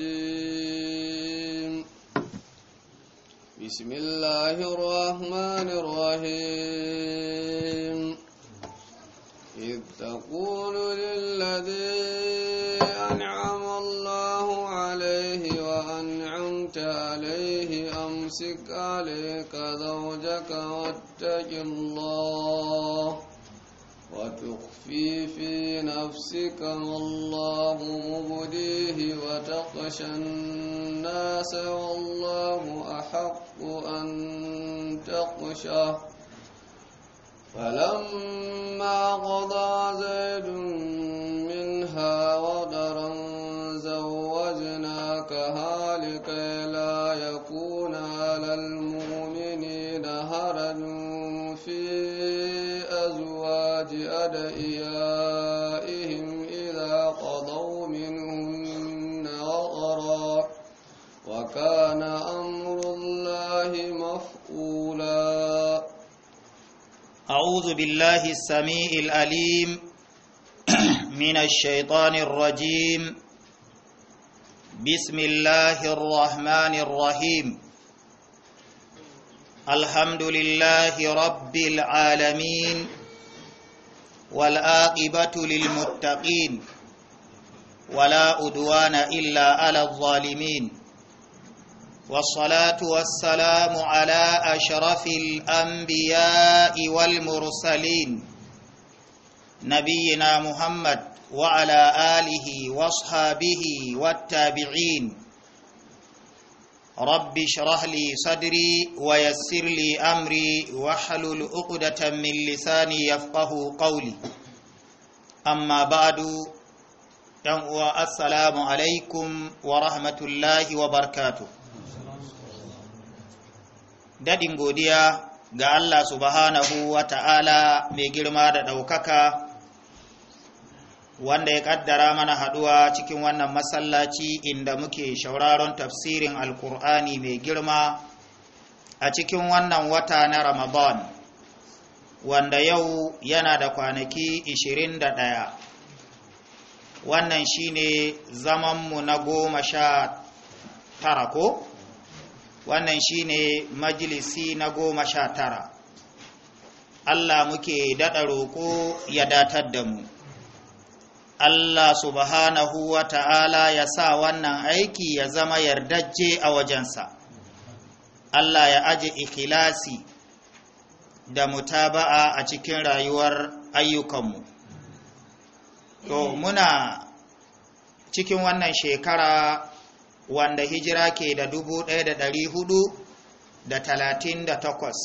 الرجيم بسم الله الرحمن الرحيم إذ تقول للذي أنعم الله عليه وأنعمت عليه أمسك عليك زوجك واتق الله تخفي في نفسك والله مبديه وتخشى الناس والله أحق أن تخشاه فلما قضى زيد أعوذ بالله السميع الأليم من الشيطان الرجيم بسم الله الرحمن الرحيم الحمد لله رب العالمين والآقبة للمتقين ولا أدوان إلا على الظالمين والصلاه والسلام على اشرف الانبياء والمرسلين نبينا محمد وعلى اله واصحابه والتابعين رب اشرح لي صدري ويسر لي امري واحلل عقده من لساني يفقه قولي أما بعد السلام عليكم ورحمة الله وبركاته Dadin godiya ga Allah subhanahu wa ta'ala mai girma da ɗaukaka wanda ya ƙaddara mana haɗuwa cikin wannan masallaci inda muke shauraron tafsirin alkur'ani mai girma a cikin wannan wata na ramadan wanda yau yana da kwanaki 21 wannan shine mu na goma sha tara ko? wannan shine majalisi na goma sha tara Allah muke daɗa roƙo ya datar da mu Allah subhanahu wa ta'ala ya sa wannan aiki ya zama yardajje a wajensa Allah ya aje ikhilasi da mutaba'a a cikin rayuwar ayyukanmu to muna cikin wannan shekara wanda hijira ke da dubu ɗaya da ɗari hudu da talatin da takwas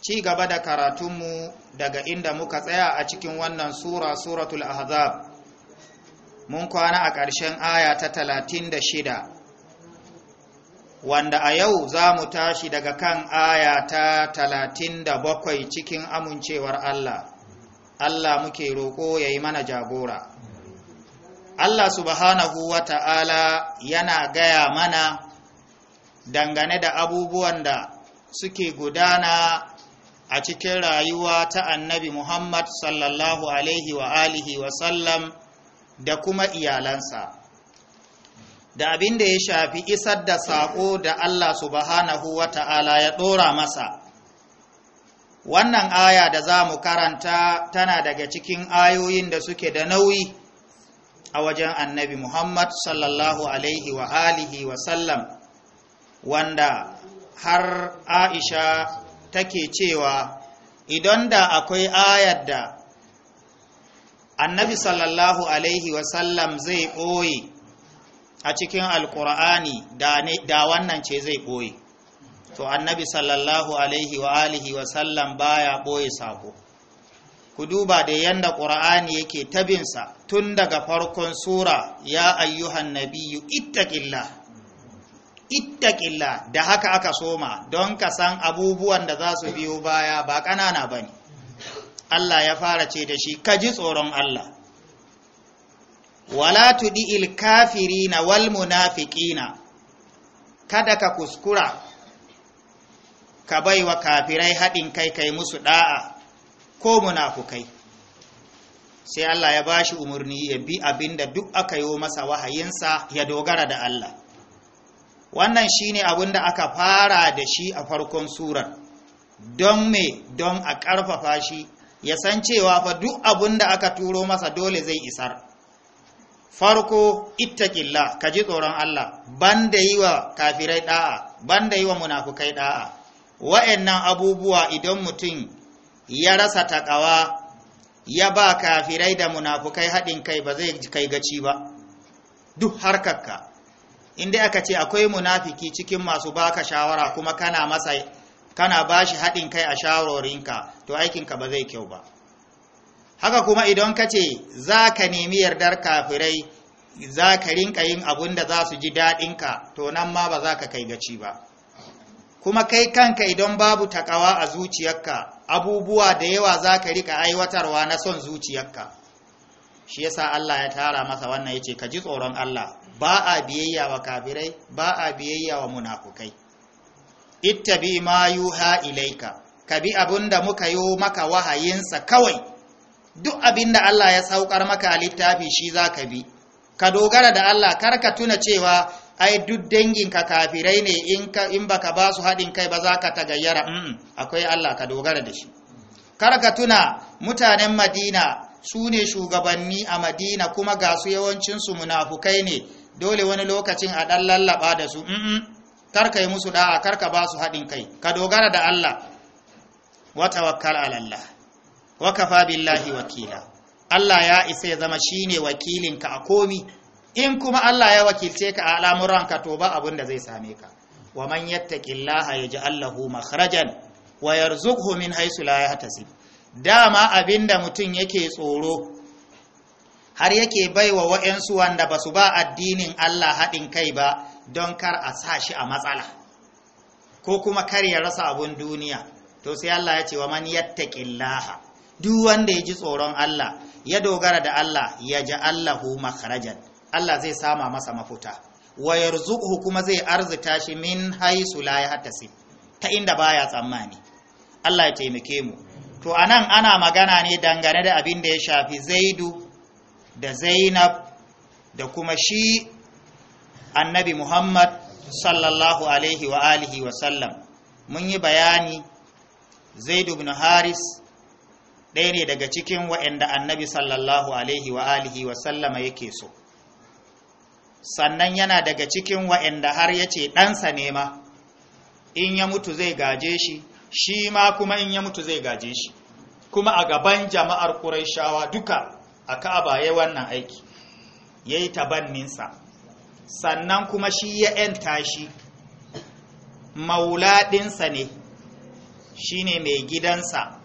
ci gaba da karatunmu daga inda muka tsaya a cikin wannan sura suratul ahzab mun kwana a ƙarshen aya ta talatin da shida wanda a yau za mu tashi daga kan aya ta talatin da bakwai cikin amincewar allah allah muke roƙo ya yi mana jagora Allah subhanahu wa ta'ala yana gaya mana dangane da abubuwan da suke gudana a cikin rayuwa ta annabi Muhammad sallallahu alaihi wa alihi wa sallam da kuma iyalansa. Da abin da ya shafi isar da saƙo da Allah subhanahu wa ta'ala ya ɗora masa. Wannan aya da za mu karanta tana daga cikin ayoyin da suke da nauyi. a wajen annabi Muhammad sallallahu alaihi wa alihi wa sallam wanda har Aisha take cewa idan da akwai ayar da annabi sallallahu alaihi wa sallam zai ɓoye a cikin alkur'ani da wannan ce zai ɓoye to annabi sallallahu alaihi wa alihi wa sallam baya ɓoye sako ku duba da yanda ƙura'ani yake tabinsa tun daga farkon sura ya ayyuhan nabiyu ittaƙilla ittaƙilla da haka aka soma don ka san abubuwan da za su biyo baya ba ƙanana ba ne Allah ya fara ce da shi ka ji tsoron Allah wala kafiri na wal munafiqina kada ka kuskura ka bai wa kafirai haɗin kai kai musu ɗa'a. ko munafukai sai Allah ya bashi umarni ya bi abinda duk aka yi masa wahayinsa ya dogara da Allah wannan shine da aka fara da shi a farkon surar don me don a ƙarfafa shi ya san cewa fa duk abinda aka turo masa dole zai isar farko ittaqillah ka ji tsoron Allah banda yiwa kafirai da'a banda yiwa wa munafukai da'a wa'annan abubuwa idan mutum ya rasa takawa ya ba kafirai da munafukai haɗin kai ba zai kai gaci ba duk harkarka inda aka ce akwai munafiki cikin masu baka shawara kuma kana masa kana bashi haɗin kai a shawarorinka to aikinka ba zai kyau ba haka kuma idan ka ce za ka nemi yardar kafirai za ka rinka yin abun da za su ji daɗinka to nan ma ba za ka kai gaci ba kuma kai kanka idan babu takawa a zuciyarka abubuwa da yawa za ka rika aiwatarwa na son zuciyarka shi yasa Allah ya tara masa wannan yace ka ji tsoron Allah ba a biyayya wa kafirai ba a biyayya wa munafukai ittabi ma yuha ilaika ka bi abinda muka yo maka wahayinsa kawai duk abinda Allah ya saukar maka a littafi shi zaka bi ka dogara da Allah kar ka tuna cewa ai duk danginka kafirai ne in baka ba su haɗin kai ba za ka tagayyara mm, akwai Allah ka dogara da shi kar tuna mutanen madina su ne shugabanni a madina kuma ga su yawancinsu munafukai ne dole wani lokacin a ɗan lallaba da su mm, mm, kar yi musu da'a karka ka ba su haɗin kai ka dogara da Allah wa tawakkal ala Allah wa kafa billahi wakila Allah ya isa ya zama shine wakilinka a komi in kuma Allah ya wakilce ka a al'amuranka to ba abin da zai same ka wa man yattaqillaha yaj'al lahu makhrajan wa yarzuqhu min haythu la yahtasib dama abinda mutum yake tsoro har yake baiwa wa'yansu wanda ba su ba addinin Allah haɗin kai ba don kar a sa shi a matsala ko kuma kar ya rasa abun duniya to sai Allah ya ce wa man yattaqillaha duk wanda ya ji tsoron Allah ya dogara da Allah ya ja'allahu makhrajan Allah zai sama masa mafuta wa yarzuquhu kuma zai arzuta shi min haisu la yahtasib ta inda baya tsammani Allah ya taimake mu to anan ana magana ne dangane da abin da ya shafi Zaidu da Zainab da kuma shi Annabi Muhammad sallallahu alaihi wa alihi wa sallam mun yi bayani Zaidu ibn Haris ɗaya ne daga cikin waɗanda annabi sallallahu alaihi wa wa sallama yake so sannan yana daga cikin wa'inda har ya ce ɗansa ne ma in ya mutu zai gaje shi shi ma kuma in ya mutu zai gaje shi kuma a gaban jama'ar ƙuraishawa duka a ka'aba ya wannan aiki ya yi tabanninsa sannan kuma shi ya ‘yanta shi maulaɗinsa ne shi ne mai gidansa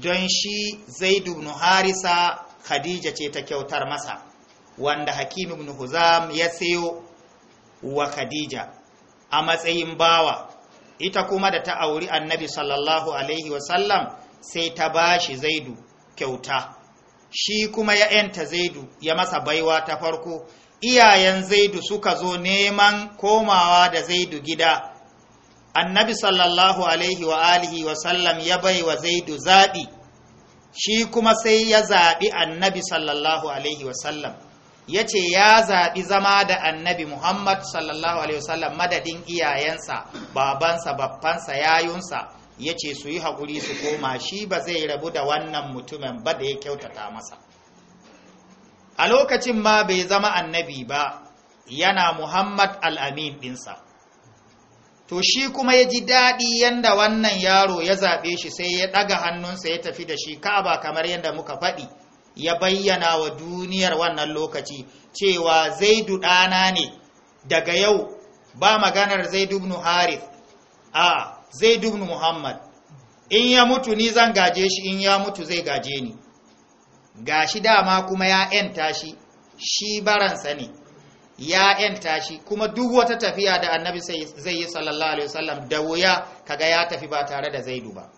don shi zaidu harisa khadija ce ta kyautar masa wanda hakim ibn huzam ya sayo wa khadija a matsayin bawa ita kuma da ta auri annabi sallallahu alaihi wasallam sai ta bashi zaidu kyauta shi kuma ya yanta zaidu ya masa baiwa ta farko iyayen zaidu suka zo neman komawa da zaidu gida annabi sallallahu alaihi wa alihi wa sallam ya bai wa zaidu zaɓi shi kuma sai ya zaɓi annabi sallallahu alaihi wa sallam ya ce ya zaɓi zama da annabi muhammad sallallahu alaihi wasallam madadin iyayensa babansa babbansa yayunsa ya ce su yi haƙuri su koma shi ba zai rabu da wannan mutumin ba da ya kyautata masa a lokacin ma bai zama annabi ba yana muhammad al'amin ɗinsa to shi kuma ya ji daɗi yadda wannan yaro ya zaɓe shi sai ya ɗaga hannunsa ya tafi da shi ka'aba kamar yadda muka faɗi ya bayyana wa duniyar wannan lokaci cewa zaidu ɗana ne daga yau ba maganar zaidu ibn harith a zaidu ibn muhammad in ya mutu ni zan gaje shi in ya mutu zai gaje ni gashi dama kuma ya yanta shi shi baransa ne ya yanta shi kuma duk wata tafiya da annabi zai yi sallallahu alaihi wasallam da wuya kaga ya tafi ba tare da zaidu ba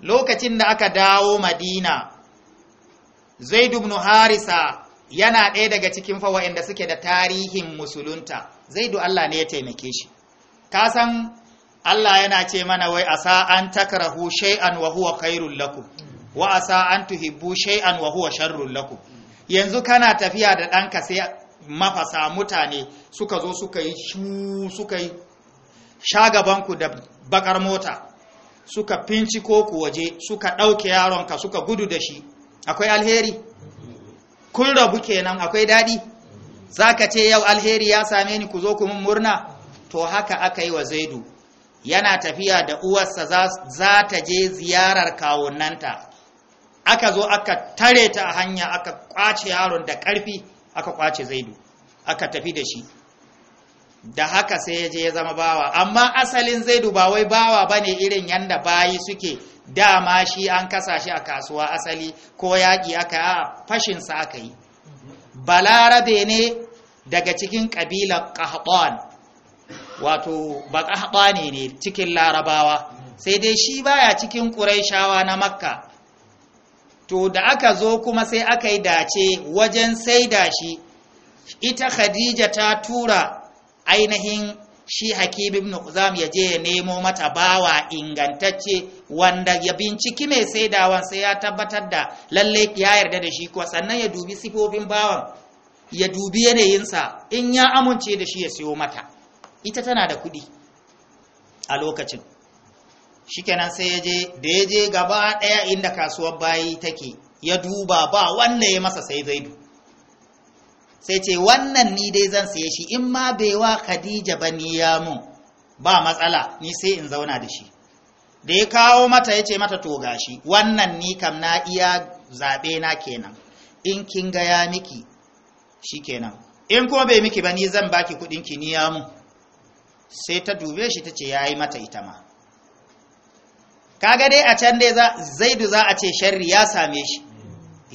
lokacin da aka dawo madina zaid ibn harisa yana ɗaya daga cikin fa wa'anda suke da tarihin musulunta zaidu Allah ne ya taimake shi ka san Allah yana ce mana wai asa an takrahu shay'an wa huwa khairul lakum wa asa an tuhibbu shai'an wa huwa sharrul lakum yanzu kana tafiya da ɗanka sai mafasa mutane suka zo suka yi suka yi shagabanku da bakar mota suka finci ku waje suka ɗauke yaronka suka gudu da shi akwai alheri kun rabu kenan akwai daɗi zaka ce yau alheri ya same ni ku zo ku mun murna to haka aka yi wa zaidu yana tafiya da uwarsa za ta je ziyarar kawunanta aka zo aka tare ta a hanya aka kwace yaron da karfi aka kwace zaidu aka tafi da shi da haka sai ya je ya zama bawa amma asalin zaidu ba wai bawa bane irin yanda bayi suke dama shi an kasa shi a kasuwa asali ko yaƙi aka a fashinsa aka yi balarabe ne daga cikin ƙabilar ƙahaɓon wato ba ne cikin larabawa sai dai shi baya cikin ƙuraishawa na makka to da aka zo kuma sai aka yi dace wajen saida shi ita khadija ta tura ainihin shi hakim ibn uzam ya je ya nemo mata bawa ingantacce wanda ya binciki mai saidawan sai ya tabbatar da lalle ya yarda da shi kuwa sannan ya dubi sifofin bawan ya dubi yanayinsa in ya amince da shi ya siyo mata ita tana da kuɗi a lokacin shikenan sai ya je da ya je gaba ɗaya inda kasuwar bayi take ya duba ba wanda ya masa sai zaidu sai ce wannan ni dai zan saye shi in ma bai wa khadija ba ni ya mun ba matsala ni sai in zauna da shi da ya kawo mata ya ce mata to gashi wannan ni kam na iya zaɓe na kenan in kin ga ya miki shi kenan in kuma bai miki ba ni zan baki kuɗin ki ni ya mun sai ta dube shi ta ce ya yi mata ita ma kaga dai a can dai zaidu za a ce sharri ya same shi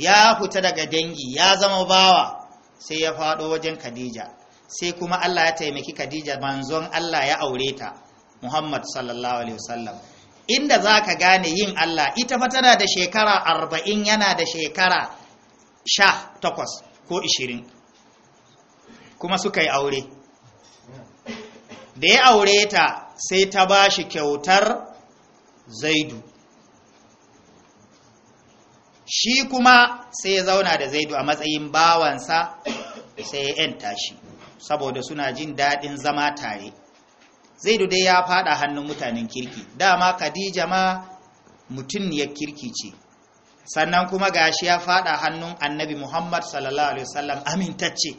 ya fita daga dangi ya zama bawa sai ya faɗo wajen khadija sai kuma allah ya taimaki khadija manzon allah ya aure ta muhammad sallallahu alaihi wasallam inda zaka gane yin allah ita fa tana da shekara arba'in yana da shekara sha takwas ko ishirin kuma suka yi aure da ya aure ta sai ta ba shi kyautar zaidu shi kuma sai ya zauna da zaidu a matsayin bawansa sai ya yanta shi saboda suna jin daɗin zama tare zaidu dai ya faɗa hannun mutanen kirki dama khadija ma ya kirki ce sannan kuma gashi ya faɗa hannun annabi muhammad sallallahu alaihi wasallam amintacce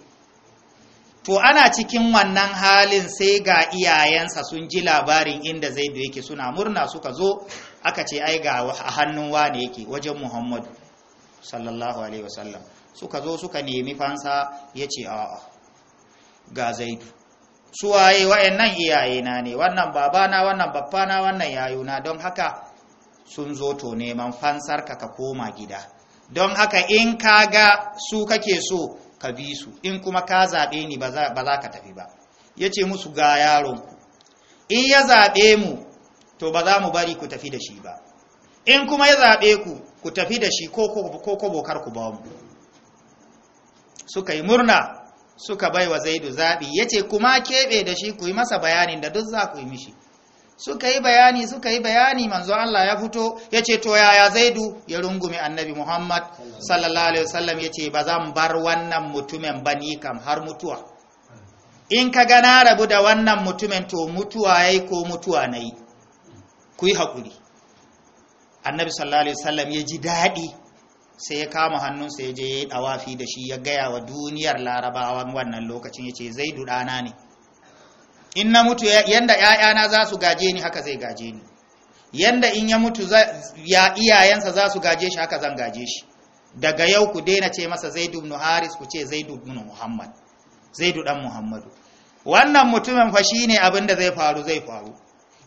to ana cikin wannan halin sai ga iyayensa sun ji labarin inda zaidu yake suna murna suka zo aka ce ai ga a hannun wane yake wajen muhammadu sallallahu alaihi wasallam suka zo suka nemi fansa ya ce a'a ga zaidu su waye iyaye na ne wannan babana wannan babbana wannan yayuna don haka sun zo to neman fansar ka ka koma gida don haka in ka ga su kake so ka bi su in kuma ka zaɓe ni ba za ka tafi ba ya ce musu ga yaronku in ya zaɓe mu to ba za mu bari ku tafi da shi ba in kuma ya zaɓe ku ku tafi da shi ko kobo bokar ku ba mu suka yi murna suka bai wa zaidu zaɓi ya ce kuma keɓe da shi ku yi masa bayanin da duk za ku yi mishi suka yi bayani suka yi bayani manzo Allah ya fito ya ce to yaya zaidu ya rungume annabi Muhammad sallallahu alaihi wasallam ya ce ba zan bar wannan mutumin ba ni kam har mutuwa in ka ga na rabu da wannan mutumin to mutuwa yayi ko mutuwa nayi ku yi hakuri annabi sallallahu alaihi wasallam ya ji daɗi sai ya kama hannunsa ya je ya yi ɗawafi da shi ya gaya wa duniyar larabawan wannan lokacin ya ce zai duɗana ne in na mutu yanda ‘ya'yana za su gaje ni haka zai gaje ni yanda in ya mutu ya iyayensa za su gaje shi haka zan gaje shi daga yau ku daina ce masa zaidu ibn haris ku ce zaidu ibn muhammad zaidu dan muhammadu wannan mutumin fa shine abin da zai faru zai faru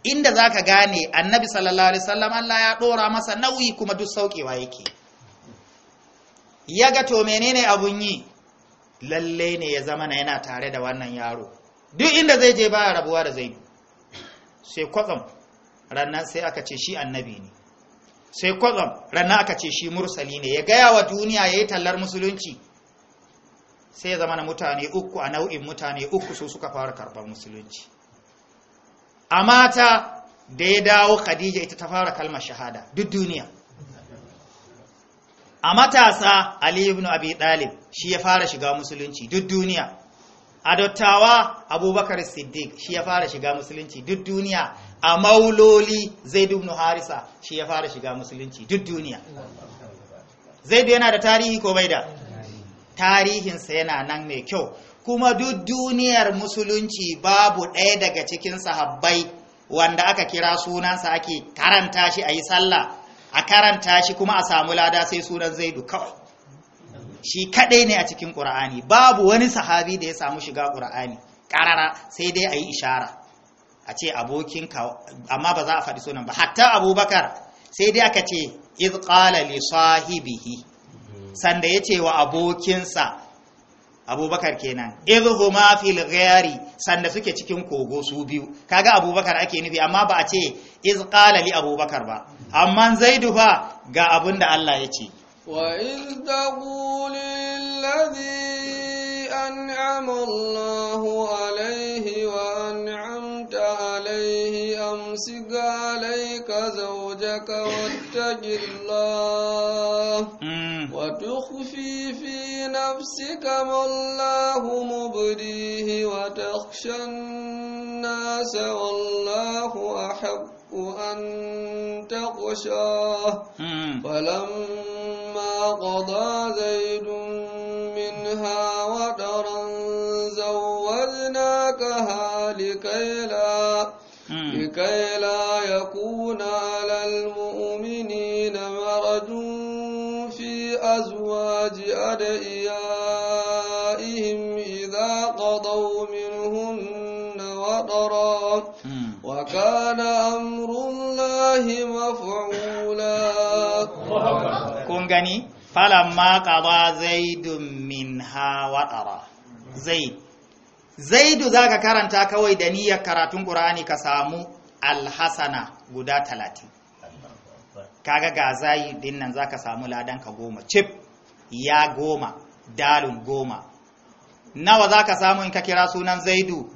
inda za ka gane annabi sallallahu alaihi sallam, Allah ya ɗora masa nauyi kuma duk sauƙewa yake ya ga to menene abun yi lalle ne ya zama na yana tare da wannan yaro duk inda zai je ba rabuwa da zai sai kwatsam rannan sai aka ce shi annabi ne sai kwatsam rannan aka ce shi mursali ne ya gaya wa duniya ya yi tallar musulunci sai ya zama na mutane uku a nau'in mutane uku su suka fara karɓar musulunci a mata da ya dawo khadija ita ta fara kalmar shahada duk duniya a matasa ali ibn abi talib shi ya fara shiga musulunci duk duniya a dattawa abubakar siddiq shi ya fara shiga musulunci duk duniya a mauloli zaid ibn harisa shi ya fara shiga musulunci duk duniya zaid yana da tarihi ko bai da tarihinsa yana nan mai kyau kuma duk duniyar musulunci babu ɗaya daga cikin sahabbai wanda aka kira sunansa ake karanta shi a yi sallah a karanta shi kuma a samu lada sai sunan zaidu kawai shi kaɗai ne a cikin ƙura'ani babu wani sahabi da ya samu shiga ƙura'ani ƙarara sai dai a yi ishara a ce abokin ka, amma ba za a faɗi sunan ba hatta abubakar sai dai aka ce iz qala li sahibihi sanda ce wa abokinsa abubakar kenan huma fil ghari sanda suke cikin kogo su biyu kaga abubakar ake nufi amma ba a ce iz qala li abubakar ba amma zaidu fa ga abin da Allah ya ce wa iz taqulu ladhi an'ama أمسك عليك زوجك واتق الله وتخفي في نفسك ما الله مبديه وتخشى الناس والله أحق أن تخشاه فلما قضى زيد منها kun gani falamma qada zaidun minha zaid zaidu zaka karanta kawai da niyyar karatun qur'ani ka samu alhasana guda 30 kaga ga zayi dinnan nan zaka samu ladan ka goma chip ya goma dalun goma nawa zaka samu in ka kira sunan zaidu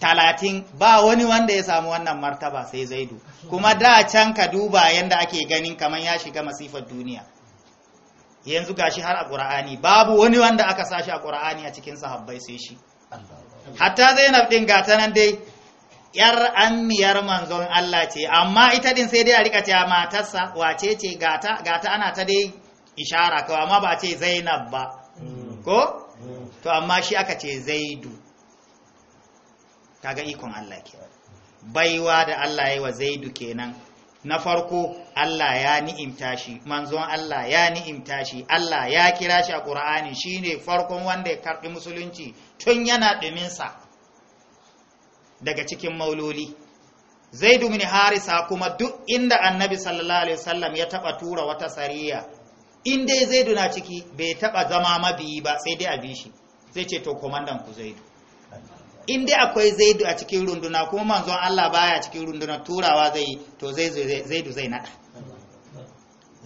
talatin ba wani wanda ya samu wannan martaba sai zaidu kuma da can ka duba yadda ake ganin kamar ya shiga masifar duniya yanzu gashi har a ƙura'ani babu wani wanda aka sashi a ƙura'ani a cikin sahabbai sai shi hatta zainab din gata nan dai yar ammiyar manzon Allah ce amma ita din sai dai a rika cewa matarsa wace ce gata gata ana ta dai ishara kawai amma ba ce zainab ba ko to amma shi aka ce zaidu kaga ikon Allah ke baiwa da Allah ya yi wa zaidu kenan na farko Allah ya ni'imta shi manzon Allah ya ni'imta shi Allah ya kira shi a Qur'ani shine farkon wanda ya karbi musulunci tun yana dumin sa daga cikin mauloli Zaid ibn Harisa kuma duk inda Annabi sallallahu alaihi wasallam ya taba tura wata sariya in dai Zaid na ciki bai taba zama mabiyi ba sai dai a bi shi zai ce to komandan ku Zaidu in dai akwai zaidu a cikin runduna kuma manzon Allah baya cikin runduna turawa zai to zaidu zai nada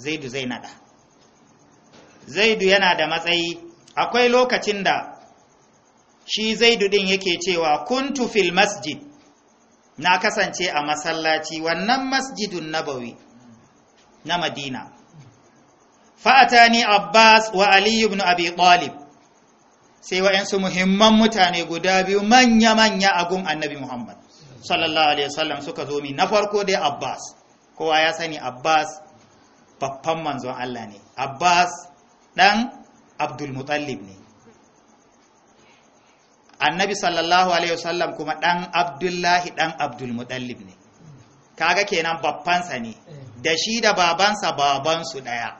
zaidu zai nada zaidu yana da matsayi akwai lokacin da shi zaidu din yake cewa kuntu fil masjid na kasance a masallaci wannan masjidun nabawi na madina fa'atani abbas wa ali ibn abi talib sai wa'yansu muhimman mutane guda biyu manya-manya a gun annabi muhammad sallallahu alaihi wasallam suka zo mi na farko dai abbas kowa ya sani abbas babban manzon allah ne abbas dan abdulmutallib ne annabi sallallahu alaihi wasallam kuma dan abdullahi dan abdulmutallib ne kaga kenan babbansa ne da shi da babansa babansu daya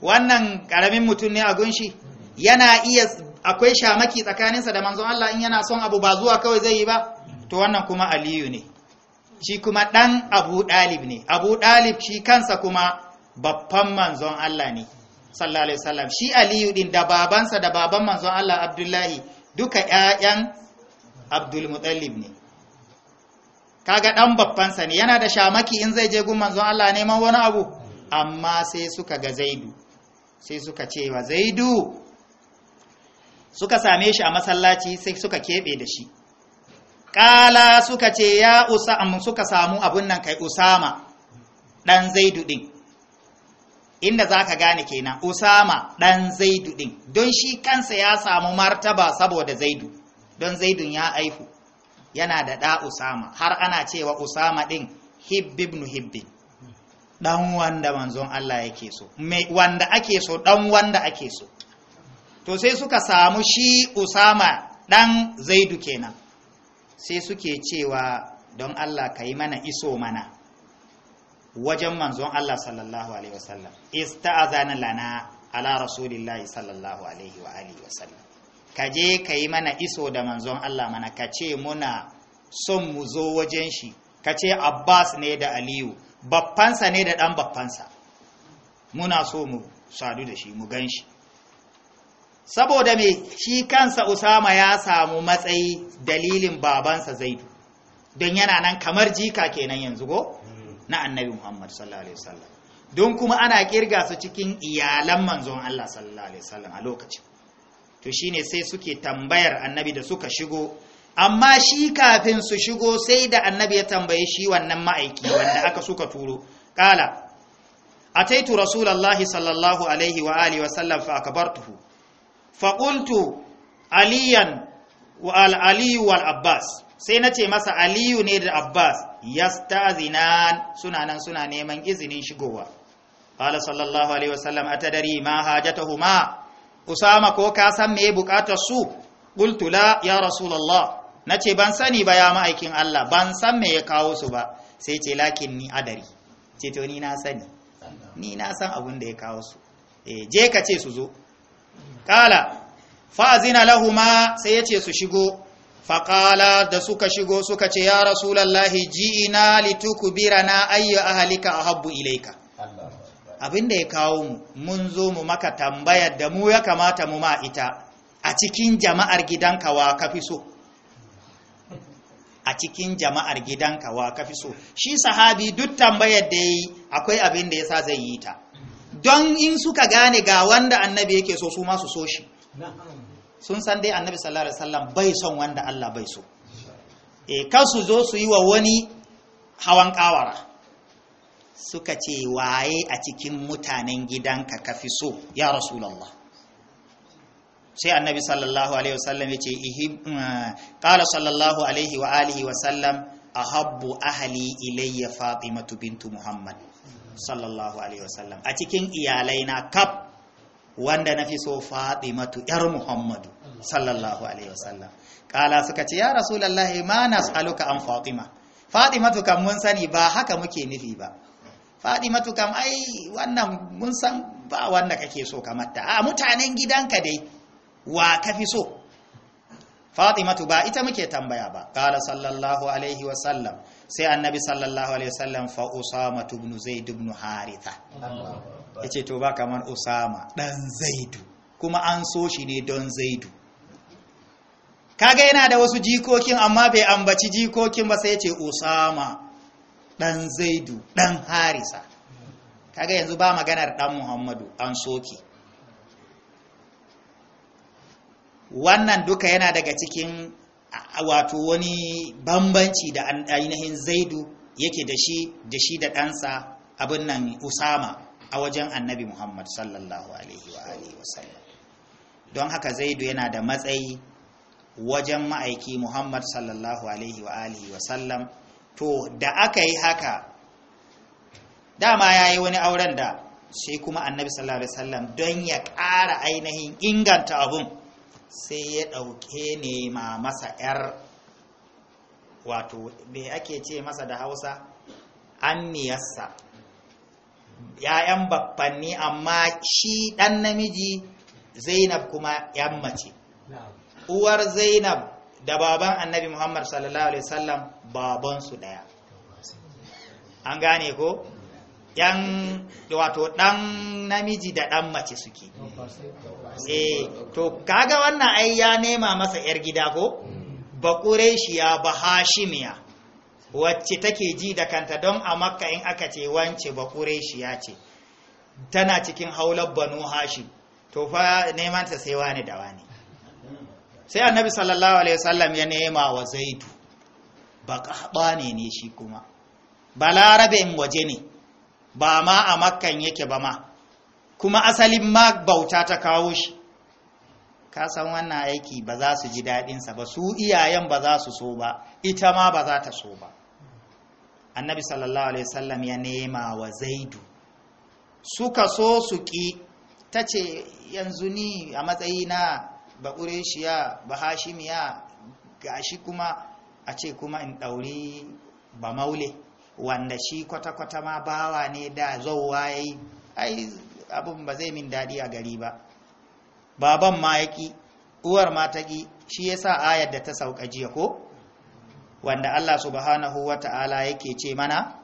wannan karamin mutum ne a gunshi yana iya akwai shamaki tsakaninsa da manzon Allah in yana son abu ba zuwa kawai zai yi ba to wannan kuma aliyu ne shi kuma ɗan abu ɗalib ne abu ɗalib shi kansa kuma babban manzon Allah ne sallallahu alaihi wasallam shi aliyu din da babansa da baban manzon Allah abdullahi duka ƴaƴan abdul mutallib ne kaga ɗan sa ne yana da shamaki in zai je gun manzon Allah neman wani abu amma sai suka ga zaidu sai suka ce wa zaidu suka same shi a masallaci sai suka keɓe da shi ƙala suka ce ya usam suka samu abun nan kai usama ɗan zaidu ɗin inda za ka gane kenan usama ɗan zaidu ɗin don shi kansa ya samu martaba saboda zaidu don zaidun ya aihu yana da ɗa usama har ana cewa usama ɗin hibbibnu hibbin ɗan wanda manzon Allah yake so wanda ake so ɗan wanda ake so to sai suka samu shi usama ɗan zaidu kenan sai suke cewa don allah ka yi mana iso mana wajen manzon allah sallallahu alaihi wasallam ista'azana lana ala rasulillahi sallallahu alaihi wa alihi wasallam ka je ka yi mana iso da manzon allah mana ka ce muna son mu zo wajen shi ka ce abbas ne da aliyu baffansa ne da ɗan baffansa muna so mu sadu da shi mu gan shi saboda me shi kansa usama ya samu matsayi dalilin babansa zaidu don yana nan kamar jika kenan yanzu go na annabi muhammad sallallahu alaihi wasallam don kuma ana kirga su cikin iyalan manzon allah sallallahu alaihi wasallam a lokacin to shine sai suke tambayar annabi da suka shigo amma shi kafin su shigo sai da annabi ya tambaye shi wannan ma'aiki wanda aka suka turo kala ataitu rasulullahi sallallahu alaihi wa alihi wa sallam fa akbartuhu faƙuntu aliyan wa al'aliyu wa abbas sai na ce masa aliyu ne da abbas ya yastazinan suna nan suna neman izinin shigowa qala sallallahu alaihi wasallam atadari ma huma. usama ko ka san me buƙatar su ƙultula rasu ya Na ce ban sani ba ya ma'aikin Allah ban san me ya kawo su ba sai ce lakin ni adari ce to ni na sani ni na san abin da ya kawo su E, je ka ce su zo kala fa'azina lahuma sai ya su shigo faƙala da suka shigo suka ce ya rasulallahi ji'ina litukubira na ayyu ahalika ahabbu ilaika abinda ya kawo mu mun zo mu maka tambayar da mu ya kamata mu ma ita a cikin jama'ar gidanka wa kafi so a cikin jama'ar gidanka wa kafi so shi sahabi duk tambayar da yi akwai abin da yasa zai yi ta don in suka gane ga wanda annabi yake so su ma su so shi sun san dai annabi sallallahu alaihi wasallam bai son wanda Allah bai so eh kan su zo su yi wa wani hawan kawara suka ce waye a cikin mutanen gidanka kafi so ya rasulullah sai annabi sallallahu alaihi wasallam yace mm, qala sallallahu alaihi wa alihi wasallam ahabbu ahli ilayya fatimatu bintu muhammad sallallahu alaihi wasallam a cikin iyalai na kaf wanda na fi so fatimatu yar muhammadu sallallahu alaihi wasallam kala suka ce ya rasulullahi ma nas'aluka an fatima fatimatu kam mun sani ba haka muke nufi ba fatimatu kam ai wannan mun san ba wanda kake so kamar ta a mutanen gidanka dai wa ka fi so fatimatu ba ita muke tambaya ba kala sallallahu alaihi wasallam sai annabi sallallahu alaihi wasallam fa usama ibn zaid ibn haritha yace to ba kamar usama dan zaidu kuma an so shi ne don zaidu kaga yana da wasu jikokin amma bai ambaci jikokin ba sai yace usama dan zaidu dan harisa kaga yanzu ba maganar dan muhammadu an soke wannan duka yana daga cikin wato wani bambanci da ainihin zaidu yake da shi da shi da ɗansa abin nan usama a wajen annabi muhammad sallallahu alaihi wa alihi wasallam don haka zaidu yana da matsayi wajen ma'aiki muhammad sallallahu alaihi wa alihi wasallam to da aka yi haka dama ya yi wani auren da sai kuma annabi sallallahu alaihi wasallam don ya ƙara ainihin inganta abun sai ya ɗauke ne ma masa 'yar wato me ake ce masa da hausa anniyarsa ‘ya'yan babbanni amma shi ɗan namiji zainab kuma ‘yan mace uwar zainab da baban annabi muhammad sallallahu alaihi wasallam babansu ɗaya an gane ko yan wato dan namiji da ɗan mace suke eh to kaga wannan ai ya nema masa yar gida ko bakureshiya bahashimiya wacce take ji da kanta don a makka in aka ce wance bakureshiya ce tana cikin haular banu hashim to fa neman ta sai wani da wani sai annabi sallallahu alaihi wasallam ya nema wa zaitu. ba ne ne shi kuma balarabe in waje ne ba ma a makkan yake ba ma kuma asalin ma bauta ta kawo shi ka san wannan aiki ba za su ji daɗinsa ba su iyayen ba za su so ba ita ma ba za ta so ba annabi sallallahu alaihi wasallam ya nema wa zaidu suka so su ƙi ta ce yanzu ni a matsayi na ƙureshiya ba hashimiya gashi kuma a ce kuma in ɗauri ba maule wanda shi kwata-kwata ma bawa ne da zauwa ya yi ai abin ba zai min daɗi a gari ba baban ma ya ƙi uwar ma ta ƙi shi ya sa ayar da ta sauka jiya ko wanda allah subhanahu wa ta'ala yake ce mana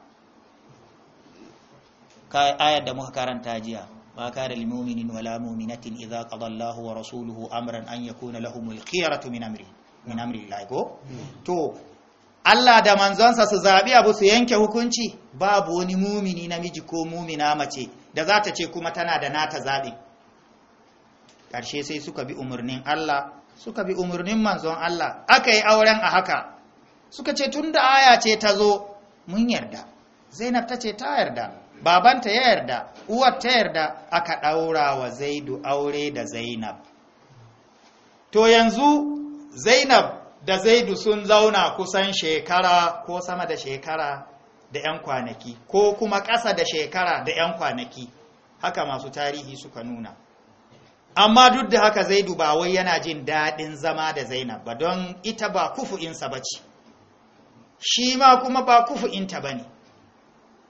ayar da muka karanta jiya Ba ka ما كان wala ولا iza إذا wa rasuluhu amran an yakuna lahumul khiyaratu min amri min amri lai ko hmm. to Allah da manzonsa su zaɓi abu su yanke hukunci babu wani mumini namiji ko mumina mace da za ta ce kuma tana da nata zaɓin ƙarshe sai suka bi umarnin Allah suka bi umarnin manzon Allah aka yi auren a haka suka ce tun da aya ce ta zo mun yarda zainab ta ce ta yarda babanta ya yarda uwar ta yarda aka ɗaura wa zaidu aure da zainab to yanzu zainab da zaidu sun zauna kusan shekara ko sama da shekara da 'yan kwanaki ko kuma ƙasa da shekara da 'yan kwanaki haka masu tarihi suka nuna amma duk da haka zaidu ba wai yana jin daɗin zama da zainab ba don ita ba kufu'insa ba ce shi ma kuma ba kufu'inta ba ne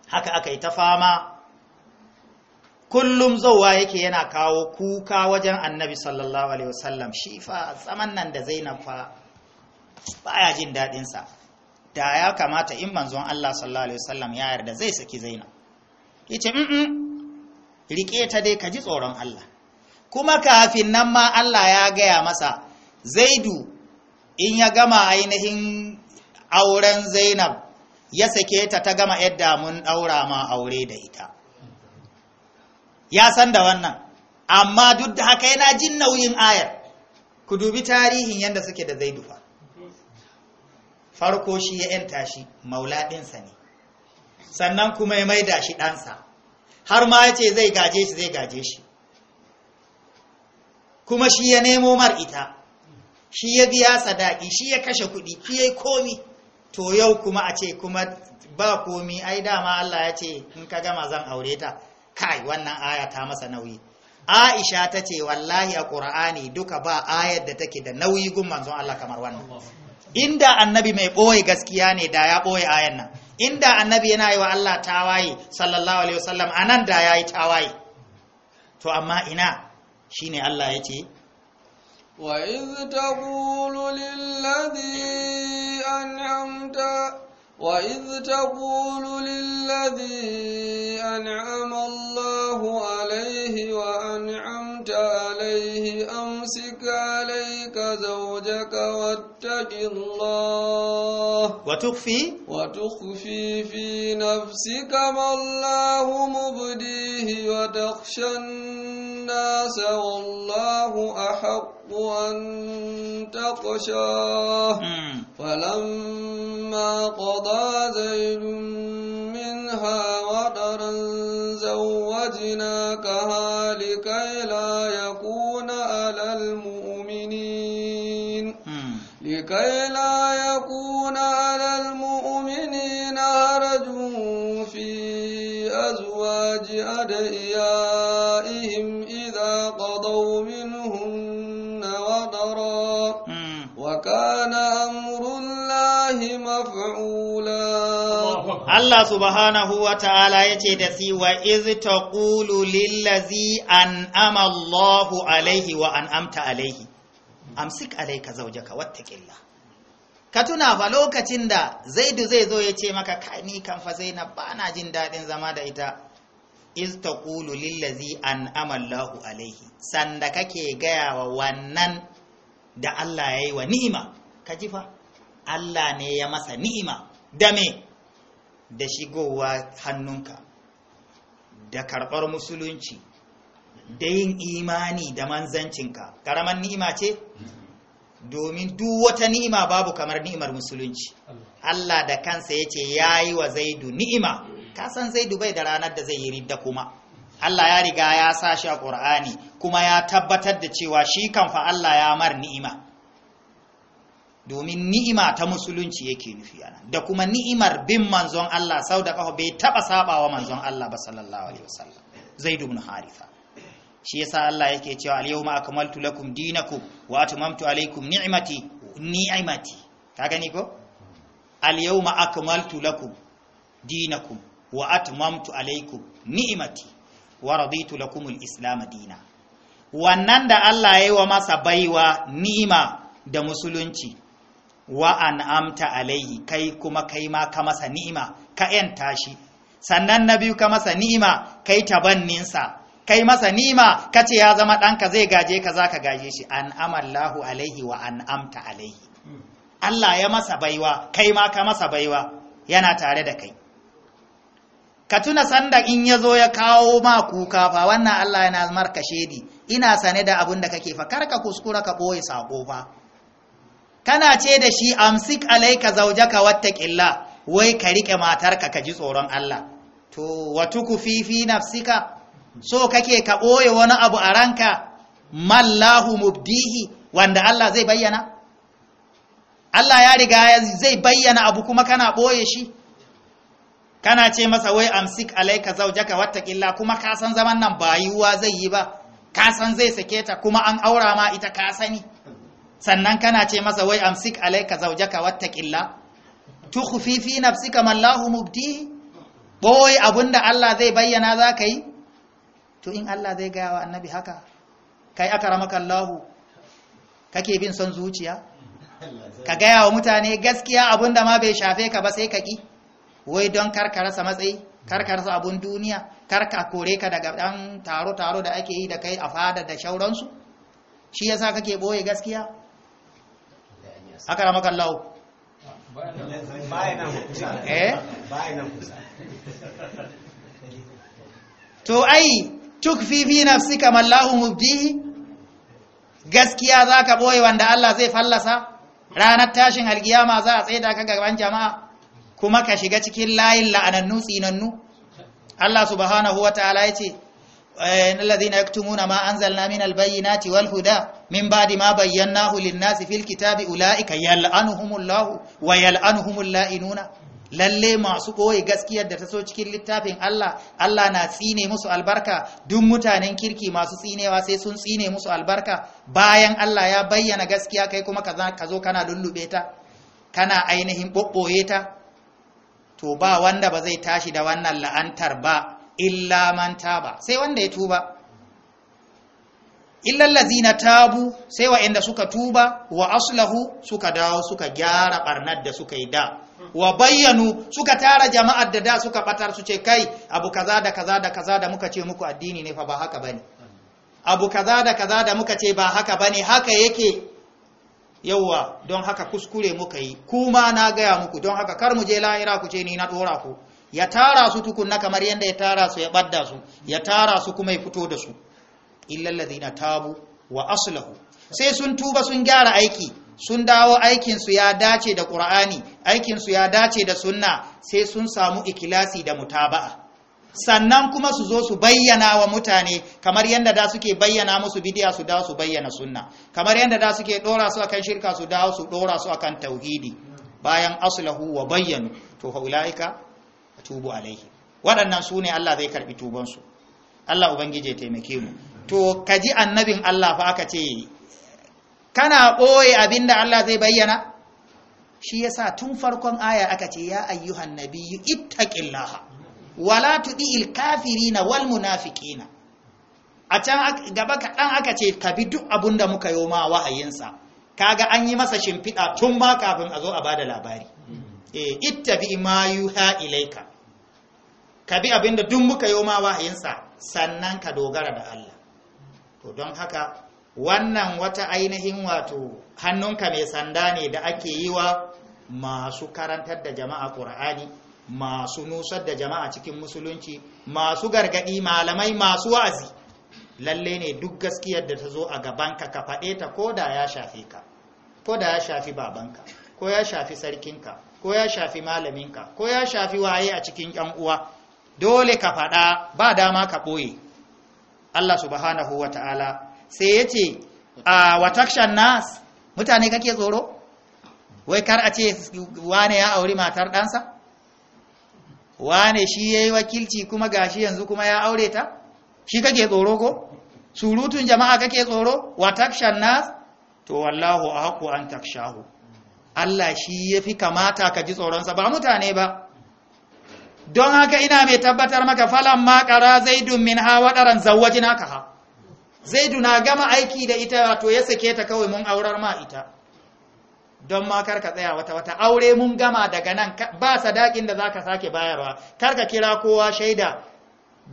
haka aka yi ta fama kullum zauwa yake yana kawo kuka wajen annabi sallallahu alaihi wasallam shi fa tsaman nan da zainab fa baya jin daɗin sa da ya kamata in manzon Allah sallallahu alaihi wasallam ya yarda zai saki Zainab yace mm rike ta dai ka ji tsoron Allah kuma kafin nan ma Allah ya gaya masa Zaidu in ya gama ainihin auren Zainab ya sake ta ta gama yadda mun daura ma aure da ita ya san da wannan amma duk da haka yana jin nauyin ayar ku dubi tarihin yadda suke da zaidu fa farko shi ya yanta shi maulaɗinsa ne sannan kuma ya maida shi ɗansa har ma ya ce zai gaje shi zai gaje shi kuma shi ya nemo mar ita shi ya biya sadaki shi ya kashe kuɗi shi ya komi to yau kuma a ce kuma ba komi ai dama Allah ya ce in ka gama zan aure ta kai wannan aya ta masa nauyi Aisha ta ce wallahi a Ƙura'ani duka ba ayar da take da nauyi gun manzon Allah kamar wannan inda annabi mai ɓoye gaskiya ne da ya ɓoye ayan nan inda annabi yana yi wa Allah tawaye sallallahu alaihi wasallam a nan da ya yi tawaye to amma ina shine Allah ya ce Wa ta وإذ تقول للذي أنعمت وإذ تقول للذي أنعم الله an وأنعمت عليه أمسك عليك زوجك واتق الله وتخفي وتخفي في نفسك ما الله مبديه وتخشى الناس والله أحق أن تخشاه فلما قضى زيد منها وطرا زوجناكها لي لكي لا يكون على المؤمنين هرج في أزواج أدعيائهم إذا قضوا منهن وطرا وكان أمر الله مفعولا Allah subhanahu wa ta'ala ya ce da si wa izi ta ƙulu alaihi wa an'amta alaihi. amsik alaika zaujaka wattaqilla ka tuna fa lokacin da zaidu zai zo ya ce maka kani kan fa zainab bana jin dadin zama da ita iz taqulu lillazi an'ama Allahu alaihi sanda kake gaya wa wannan da Allah yayi wa ni'ima ka fa Allah ne ya masa ni'ima da me da shigowa hannunka da karɓar musulunci da yin imani da manzancinka karaman ni'ima ce domin duk wata ni'ima babu kamar ni'imar musulunci Allah da kansa yace yayi wa zaidu ni'ima ka san zaidu bai da ranar da zai yi ridda kuma Allah ya riga ya sa shi a Qur'ani kuma ya tabbatar da cewa shi kan fa Allah ya mar ni'ima domin ni'ima ta musulunci yake nufi da kuma ni'imar bin manzon Allah sau da kafa bai taba sabawa manzon Allah ba sallallahu alaihi wasallam zaidu ibn harifa shi yasa Allah yake cewa al-yawma akmaltu lakum dinakum wa atamamtu alaykum ni'mati ni'mati ka gani ko al-yawma akmaltu lakum dinakum wa atamamtu alaykum ni'mati wa raditu lakum al-islam dina wannan da Allah yayi wa masa baiwa ni'ima da musulunci wa an'amta alayhi kai kuma kai ma ka masa ni'ima ka yanta shi sannan na biyu ka masa ni'ima kai tabanninsa kai masa nima kace ya zama ɗanka zai gaje ka zaka gaje shi an amallahu alaihi wa an amta alaihi Allah ya masa baiwa kai ma ka masa baiwa yana tare da kai ka tuna sanda in ya zo ya kawo ma kuka fa wannan Allah yana marka shedi ina sane da abun da kake fa kar ka kuskura ka boye sako fa kana ce da shi amsik alaika zaujaka wattaqilla wai ka rike matarka ka ji tsoron Allah to watuku fi fi nafsika so kake ka ɓoye wani abu a ranka mallahu mubdihi wanda Allah zai bayyana Allah ya riga zai bayyana abu kuma kana ɓoye shi kana ce masa wai amsik alaika zaujaka wattaqilla kuma ka san zaman nan ba yiwuwa zai yi ba ka san zai sake ta kuma an aura ma ita ka sani sannan kana ce masa wai amsik alaika zaujaka wattaqilla tukhfi fi nafsika mallahu mubdihi boye Allah zai bayyana zaka yi to in Allah zai gaya wa annabi haka kai akaramaka Allahu kake bin son zuciya ka gaya wa mutane gaskiya abun da ma bai shafe ka ba sai ka ki wai don rasa matsayi rasa abun duniya karka kore ka daga dan taro taro da ake yi da kai a fada da shauransu shi yasa kake boye gaskiya A Allahu eh to ai tukfi fi nafsika mallahu lahu mubdihi gaskiya zaka ɓoye wanda Allah zai fallasa ranar tashin alkiyama za a tsaida ka gaban jama'a kuma ka shiga cikin layin la'anannu tsinannu Allah subhanahu wataala yace الذين يكتمون ما أنزلنا من البينات والهدى من بعد ما بيناه للناس في الكتاب أولئك يلعنهم الله ويلعنهم اللائنون lalle masu ɓoye gaskiyar da ta so cikin littafin Allah Allah na tsine musu albarka duk mutanen kirki masu tsinewa sai sun tsine musu albarka bayan Allah ya bayyana gaskiya kai kuma ka zo kana lullube ta kana ainihin ɓoɓɓoye ta to ba wanda ba zai tashi da wannan la'antar ba illa man taba sai wanda ya tuba illa allazina tabu sai wa'anda suka tuba wa aslahu suka dawo suka gyara barnar da suka yi da wa bayyanu suka tara jama'ar da da suka batar su ce kai abu kaza da kaza da kaza da muka ce muku addini ne fa ba haka bane abu kaza da kaza da muka ce ba haka bane haka yake yauwa don haka kuskure muka yi kuma na gaya muku don haka kar mu je lahira ku ce ni na dora ku ya tara su tukunna kamar yadda ya tara su ya badda su ya tara su kuma ya fito da su illal ladina tabu wa aslahu sai sun tuba sun gyara aiki sun dawo aikinsu ya dace da ƙur'ani aikinsu ya dace da sunna sai sun samu ikilasi da mutaba'a sannan kuma su zo su bayyana wa mutane kamar yadda da suke bayyana musu bidiya su dawo su bayyana sunna kamar yadda da suke dora su akan shirka su dawo su dora su akan tauhidi bayan aslahu wa bayyanu to fa ulaika atubu alaihi waɗannan su ne Allah zai karɓi tubansu Allah ubangije taimake mu to kaji annabin Allah fa aka ce kana ɓoye abin da Allah zai bayyana shi ya sa tun farkon aya aka ce ya ayyuhan nabiyyu ittaqillaha wala tuɗi tudi'il na wal munafiqina a can gaba kaɗan aka ce ka bi duk abin da muka yi ma wahayinsa kaga an yi masa shimfiɗa tun ma kafin a zo a bada labari eh ittabi ma yuha ka bi abin da duk muka yi ma wahayinsa sannan ka dogara da Allah to don haka wannan wata ainihin wato hannunka mai sanda ne da ake yi wa masu karantar da jama'a ƙur'ani masu nusar da jama'a cikin musulunci masu gargaɗi malamai masu wa'azi lalle ne duk gaskiyar da ta zo a gabanka ka faɗe ta ko da ya shafi ka ko da ya shafi babanka ko ya shafi sarkinka ko ya shafi malaminka ko ya shafi waye a cikin ƴan uwa dole ka faɗa ba dama ka ɓoye Allah subhanahu wa ta'ala sai ya ce a watakshan nas mutane kake tsoro wai kar a ce wane ya auri matar ɗansa wane shi ya yi wakilci kuma gashi yanzu kuma ya aure ta shi kake tsoro ko surutun jama'a kake tsoro watakshan nas to wallahu a haku an takshahu Allah shi ya fi kamata ka ji tsoronsa ba mutane ba don haka ina mai tabbatar maka falon makara zai dummin ha waɗaran zawajin haka ha zaidu na gama aiki da ita wato ya sake ta kawai mun aurar ma ita don ma karka tsaya wata wata aure mun gama daga nan ba sadakin da zaka sake bayarwa karka kira kowa shaida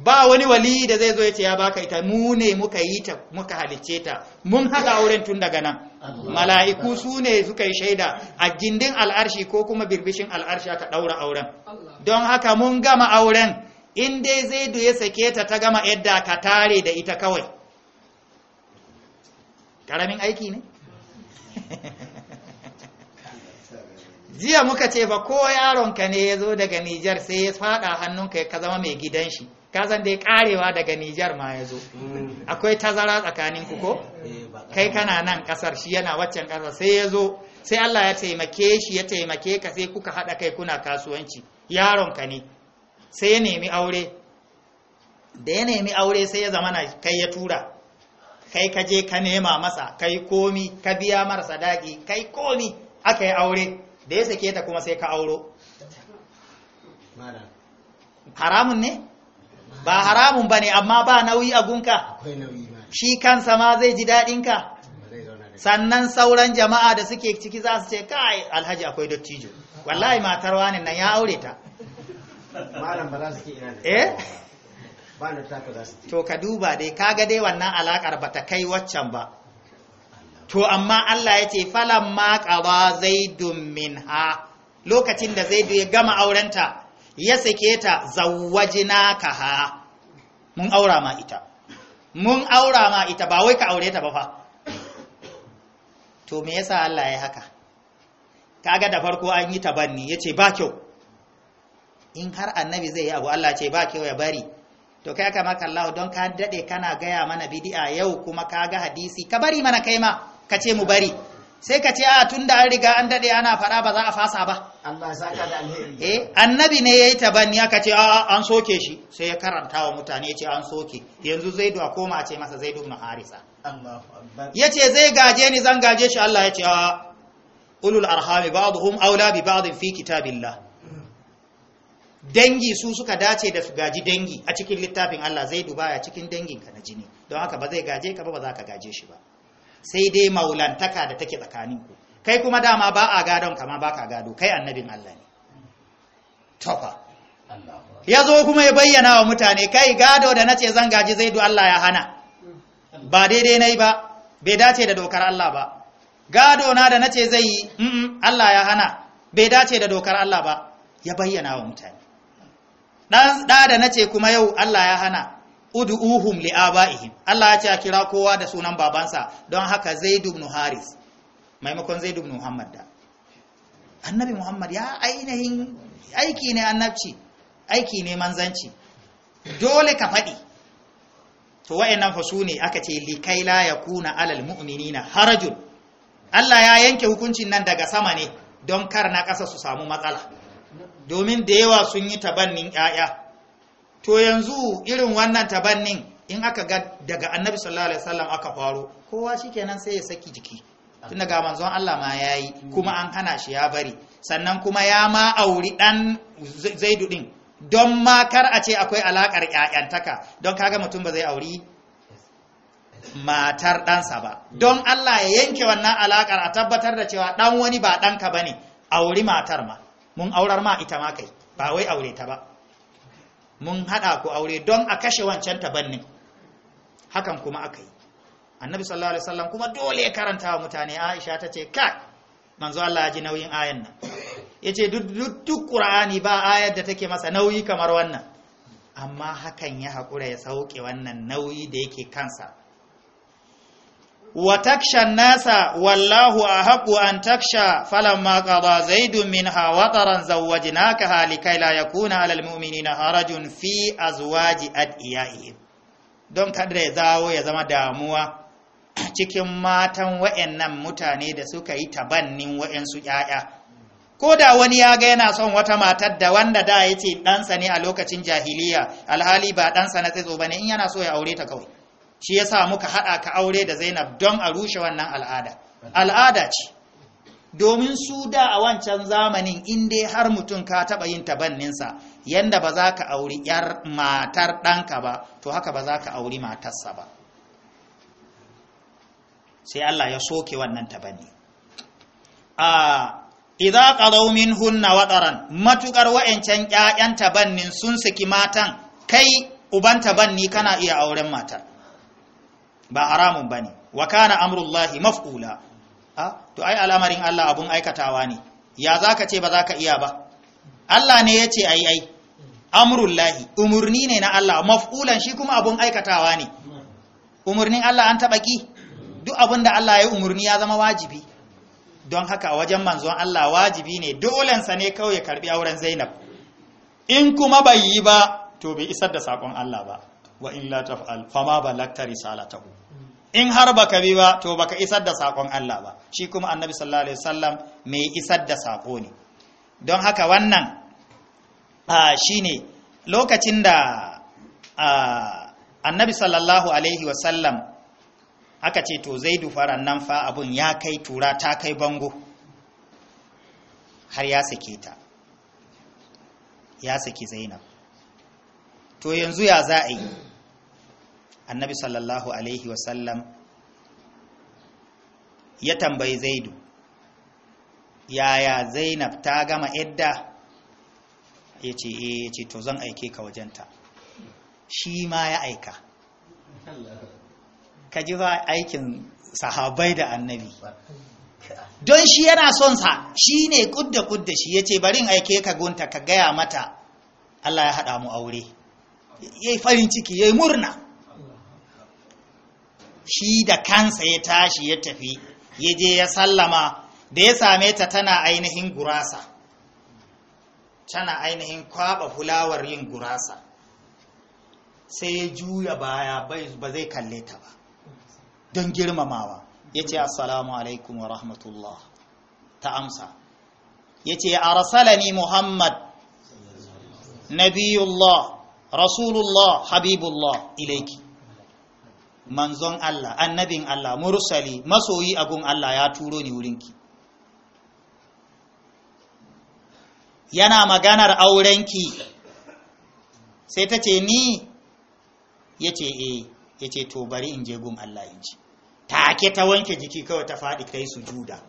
ba wani wali da zai zo ya ce ya baka ita mu ne muka yi ta muka halicce ta mun haɗa auren tun daga nan mala'iku su ne suka yi shaida a gindin al'arshi ko kuma birbishin al'arshi aka ɗaura auren don haka mun gama auren in dai zaidu ya sake ta ta gama yadda ka tare da ita kawai karamin aiki ne jiya muka ce ba ko yaronka ne ya zo daga nijar sai ya fada hannunka ka zama mai gidan shi kasan dai karewa daga nijar ma ya zo mm. akwai tazara tsakanin ku ko eh, kai kana nan kasar shi yana waccan kasar sai ya zo sai allah ya taimake shi ya taimake ka sai kuka haɗa kai kuna kasuwanci yaronka ne sai ya nemi aure da ya nemi aure sai ya zama na kai ya tura kai ka je ka nema masa kai komi ka biya mara sadaki kai komi aka yi aure da ya sake ta kuma sai ka auro haramun ne ba haramun ba ne amma ba nauyi a gunka shi kansa ma zai ji daɗinka sannan sauran jama'a da suke ciki za su ce kai alhaji akwai dottijo wallahi matar wani nan ya aure ta malam ba za su ke ina eh? to ka duba dai kaga dai wannan alakar bata kai waccan ba to amma Allah ya ce falan ma qaba zaidun ha, lokacin da zaidu ya gama aurenta ya sake ta ka ha mun aura ma ita mun aura ma ita ba wai ka aure ta ba fa to me yasa Allah ya haka kaga da farko an yi tabanni yace ba kyau in har annabi zai yi abu Allah ce ba kyau ya bari to kai aka maka Allah don ka dade kana gaya mana bid'a yau kuma ka ga hadisi ka bari mana kai ma ka ce mu bari sai ka ce a tunda an riga an dade ana faɗa ba za a fasa ba Allah saka da alheri eh annabi ne yayi tabanni aka ce a an soke shi sai ya karanta wa mutane ya ce an soke yanzu zaidu a koma a ce masa zaidu ibn harisa Ya ce zai gaje ni zan gaje shi Allah ya ce a ulul arhami ba'dhum aula bi ba'd fi kitabillah dangi su suka dace da su gaji dangi a cikin littafin Allah zai duba ya cikin danginka na jini don haka ba zai gaje ka ba ba za ka gaje shi ba sai dai maulantaka da take tsakaninku kai kuma dama ba a gadon kama ba ka gado kai annabin Allah ne tofa ya zo kuma ya bayyana wa mutane kai gado da nace zan gaji zai zaidu Allah ya hana ba daidai yi ba bai dace da dokar Allah ba gado na da nace zai yi Allah ya hana bai dace da dokar Allah ba ya bayyana wa mutane ɗa da na ce kuma yau Allah ya hana ud'uhum li'aba'ihim Allah ya ce a kira kowa da sunan babansa don haka Zaid ibn Haris maimakon Zaid ibn Muhammad da Annabi Muhammad ya ainihin aiki ne annabci aiki ne manzanci dole ka faɗi to wayannan fa sune aka ce li kai la yakuna alal mu'minina harajun Allah ya yanke hukuncin nan daga sama ne don kar na ƙasa su samu matsala domin da yawa sun yi tabannin ‘ya'ya to yanzu irin wannan tabannin in aka ga daga annabi sallallahu alaihi wasallam aka faro kowa shikenan sai ya saki jiki tunda ga manzon Allah ma ya yi, kuma an hana shi ya bari sannan kuma ya ma auri ɗan zaidu ɗin don ma a ce akwai alaƙar 'ya'yantaka, don kaga mutum ba zai auri matar ɗansa ba don Allah ya yanke wannan alaƙar a tabbatar da cewa ɗan wani ba ɗanka ba bane auri matar ma mun aurar ma ita ma kai ba wai aure ta ba mun haɗa ku aure don a kashe wancan ta tabannin hakan kuma aka yi annabi sallallahu alaihi wasallam kuma dole ya karanta wa mutane aisha ta ce ka, manzo Allah ya ji nauyin ayan nan yace duk duk qur'ani ba ayar da take masa nauyi kamar wannan amma hakan ya hakura ya sauke wannan nauyi da yake kansa wa takshan nasa wallahu ahaqqu an taksha falamma qada zaidun minha wataran zawwajnakaha likai la yakuna 'alal mu'minina harajun fi azwaji adiyaihim don kada ya zawo ya zama damuwa cikin matan wa'annan mutane da suka yi tabannin wa'ansu 'ya'ya ko da wani ya ga yana son wata matar da wanda da yace ce ɗansa ne a lokacin jahiliya alhali ba ɗansa na tsitso ba ne in yana so ya aure ta kawai shi yasa muka haɗa ka aure da zainab don a rushe wannan al'ada al'ada ce domin su da a wancan zamanin in dai har mutum ka taɓa yin tabanninsa yanda ba za ka auri ‘yar matar ɗanka ba to haka ba za ka auri matarsa ba sai Allah ya soke wannan tabanni a idza qadaw minhunna wataran matukar wa'ancan ƴaƴan tabannin sun saki matan kai uban tabanni kana iya auren matar ba haramun bane wa kana amrullahi maf'ula to ai al'amarin Allah abun aikatawa ne ya zaka ce ba za ka iya ba Allah ne ya yace ai ai amrullahi umurni ne na Allah maf'ulan shi kuma abun aikatawa ne umurnin Allah an taɓa ki duk abin da Allah ya umurni ya zama wajibi don haka a wajen manzon Allah wajibi ne dolensa ne kawai ya karbi auren Zainab in kuma bai yi ba to bai isar da sakon Allah ba wa in la taf'al fama balagta risalatahu in har baka bi ba to baka isar da sakon Allah ba shi kuma annabi sallallahu alaihi wasallam mai isar da sako ne don haka wannan shine lokacin da annabi sallallahu alaihi wasallam aka ce to zaidu faran nan fa abun ya kai tura ta kai bango har ya sake ta ya saki zainab to yanzu ya za a yi annabi sallallahu alaihi wasallam ya tambayi zaidu yaya zainab ta gama idda ya ce e ya ce to zan aike ka wajenta shi ma ya aika ka ji ba aikin sahabai da annabi don shi yana sonsa, shi ne kudda kudda shi ya ce barin aike ka gunta ka gaya mata Allah ya haɗa mu aure ya yi farin ciki ya yi murna shi da kansa ya tashi ya tafi ya je ya sallama da ya same ta tana ainihin gurasa tana ainihin kwaba fulawar yin gurasa sai ya juya baya ba zai kalle ta ba don girmamawa ya ce assalamu alaikum wa rahmatullah ta amsa ya ce arsalani muhammad nabiyullah rasulullah habibullah ilaiki manzon Allah annabin Allah mursali masoyi abun Allah ya turo ni wurinki yana maganar aurenki sai ta ce ni ya ce e ya ce to bari in je gun Allah in ci ke ta wanke jiki kawai ta faɗi kai su juda.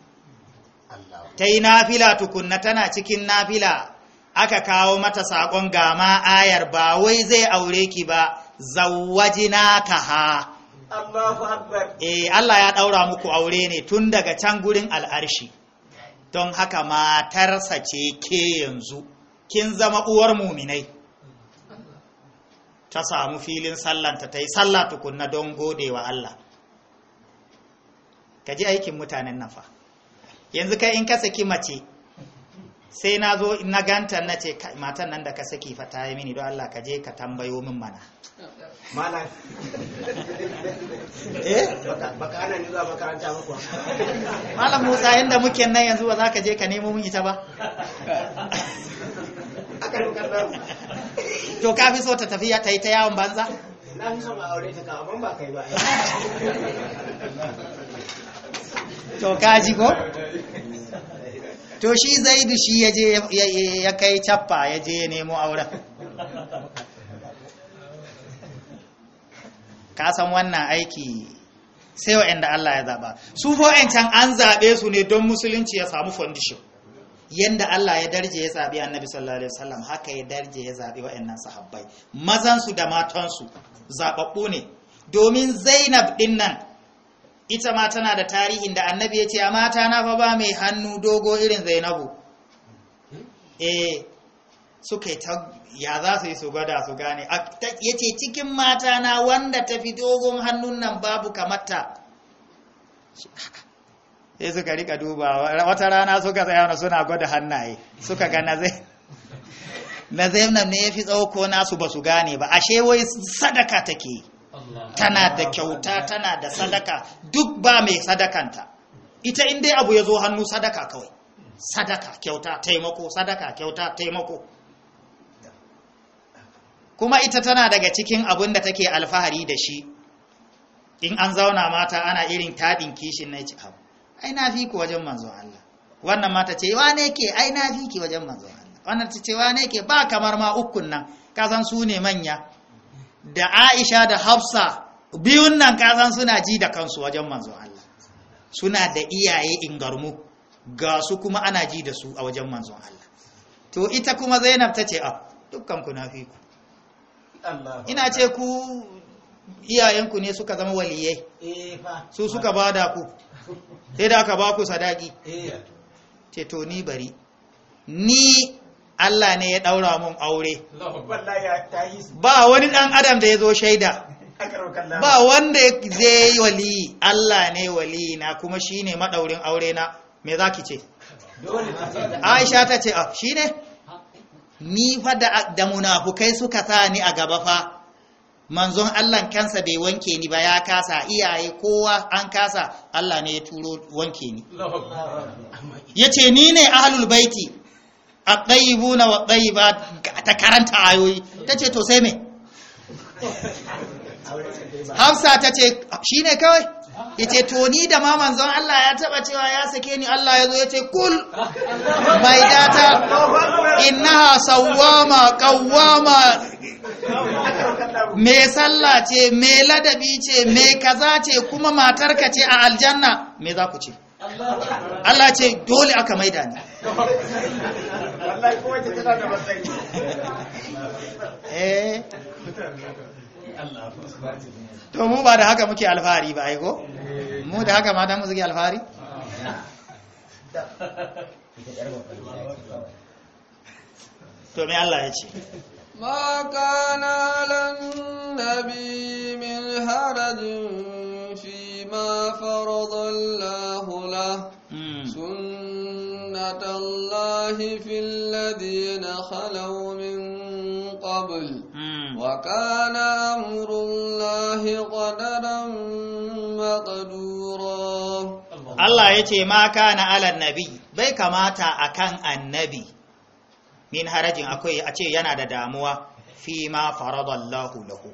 ta yi nafila tukunna tana cikin nafila aka kawo mata saƙon gama ayar ba wai zai aure ki ba zawajina ka ha Eh Allah ya ɗaura muku aure ne tun daga can gurin al'arshi. Don haka matarsa ce ke yanzu kin zama uwar muminai. Ta samu filin sallanta ta yi sallah tukunna don gode wa Allah. Ka ji aikin mutanen nafa Yanzu kai in ka saki mace sai na zo na ganta na ce matan nan da ka saki fa ta yi mini don Allah ka je ka tambayo min mana malam eh baka ana ni zuwa makaranta muku malam Musa yanda muke nan yanzu ba za ka je ka nemo min ita ba to ka fi so ta tafiya ta yi ta yawon banza na fi so ma aure ta ka ba kai ba to ka ji ko to shi zaidu shi ya je ya kai cappa ya je ya nemo auren ka san wannan aiki sai inda Allah ya zaba su can an zabe su ne don musulunci ya samu foundation yanda Allah ya darje ya zabi annabi sallallahu alaihi wasallam haka ya darje ya zabi wa'annan sahabbai mazan su da matan su zababbu ne domin Zainab din nan ita ma tana da tarihin da annabi ya ce a mata na fa ba mai hannu dogo irin zainabu eh suka yi ta ya za su yi su gwada su gane ya ce cikin mata na wanda ta fi dogon hannun nan babu kamata sai suka rika duba. wata rana suka tsaya suna gwada hannaye suka ga na zai na zainab ne ya fi tsawo ko nasu ba su gane ba ashe wai sadaka take tana da kyauta tana da sadaka duk ba mai sadakanta ita in dai abu ya zo hannu sadaka kawai sadaka kyauta taimako sadaka kyauta taimako kuma ita tana daga cikin abin da take alfahari da shi in an zauna mata ana irin taɗin kishin na ci abu ai na fi ku wajen manzo Allah wannan mata ce wa ne ke ai na fi ki wajen manzo Allah wannan ce wa ne ke ba kamar ma ukun nan ka san su ne manya da Aisha da Hafsa biyun nan kasan suna ji da kansu wajen manzon Allah suna da iyaye ingarmu ga su kuma ana ji da su a wajen manzon Allah to ita kuma Zainab ta ce a dukkan ku na fi ku ina ce ku iyayenku ne suka zama waliyai eh, su suka bada ku sai da aka ba ku sadaki eh. ce to ni bari ni Allah ne ya ɗaura mun aure ba wani ɗan adam da ya zo shaida ba wanda zai wali Allah ne wali na kuma shi ne maɗaurin aure na me za ki ce aisha ta ce ah shi ne ni fa da munafukai suka sa ni a gaba fa manzon Allah kansa bai wanke ni ba ya kasa iyaye kowa an kasa Allah ne ya turo wanke ni Ya ce ni ne ahalul baiti a ƙaibu na wa ƙaiba ta karanta ayoyi ta ce to sai me hafsa ta ce shi ne kawai ya ce to ni da maman zan Allah ya taba cewa ya sake ni Allah ya zo ya ce kul mai data innaha sawwama qawwama me sallah ce mai ladabi ce mai kaza ce kuma matarka ce a aljanna me za ku ce Allah ce dole aka maida ne. wallahi ko wace tana da matsayi eh to mu ba da haka muke alfahari ba ai ko mu da haka mata mu suke alfahari to me Allah ya ce ما كان على النبي من حرج فيما فرض الله له سنة الله في الذين خلوا من قبل وكان أمر الله قدرا مقدورا الله يتي ما كان على النبي بي كماتا أكان النبي min harajin a ce yana da damuwa fi ma faradallahu lahu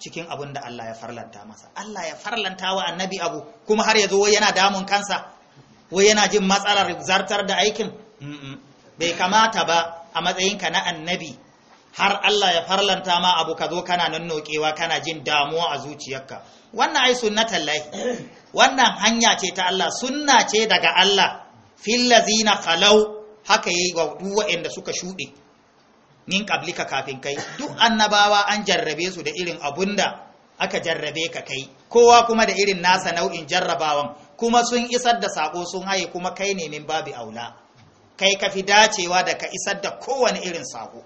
cikin abin Allah ya farlanta masa Allah ya farlanta wa annabi abu kuma har yazo wai yana damun kansa wai yana jin matsalar zartar da aikin bai kamata ba a matsayinka na annabi har Allah ya farlanta ma abu ka zo kana nan nokewa kana jin damuwa a zuciyarka wannan ai sunnatan lahi wannan hanya ce ta Allah sunna ce daga Allah fil ladzina khalau haka yayi ga duk waɗanda suka shuɗe min kablika kafin kai duk annabawa an jarrabe su da irin abunda aka jarrabe ka kai kowa kuma da irin nasa nau'in jarrabawan kuma sun isar da sako sun haye kuma kai ne min babu aula kai ka fi dacewa da ka isar da kowane irin sako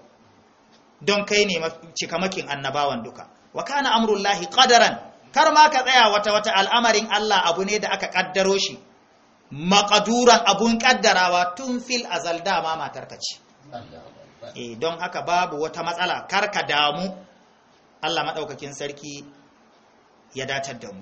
don kai ne cikamakin annabawan duka wa kana amrullahi qadaran kar ma ka tsaya wata wata al'amarin Allah abu ne da aka kaddaro shi maqaduran abun kaddarawa tun fil azal matar matarka ce eh don haka babu wata matsala kar ka damu Allah madaukakin sarki ya datar da mu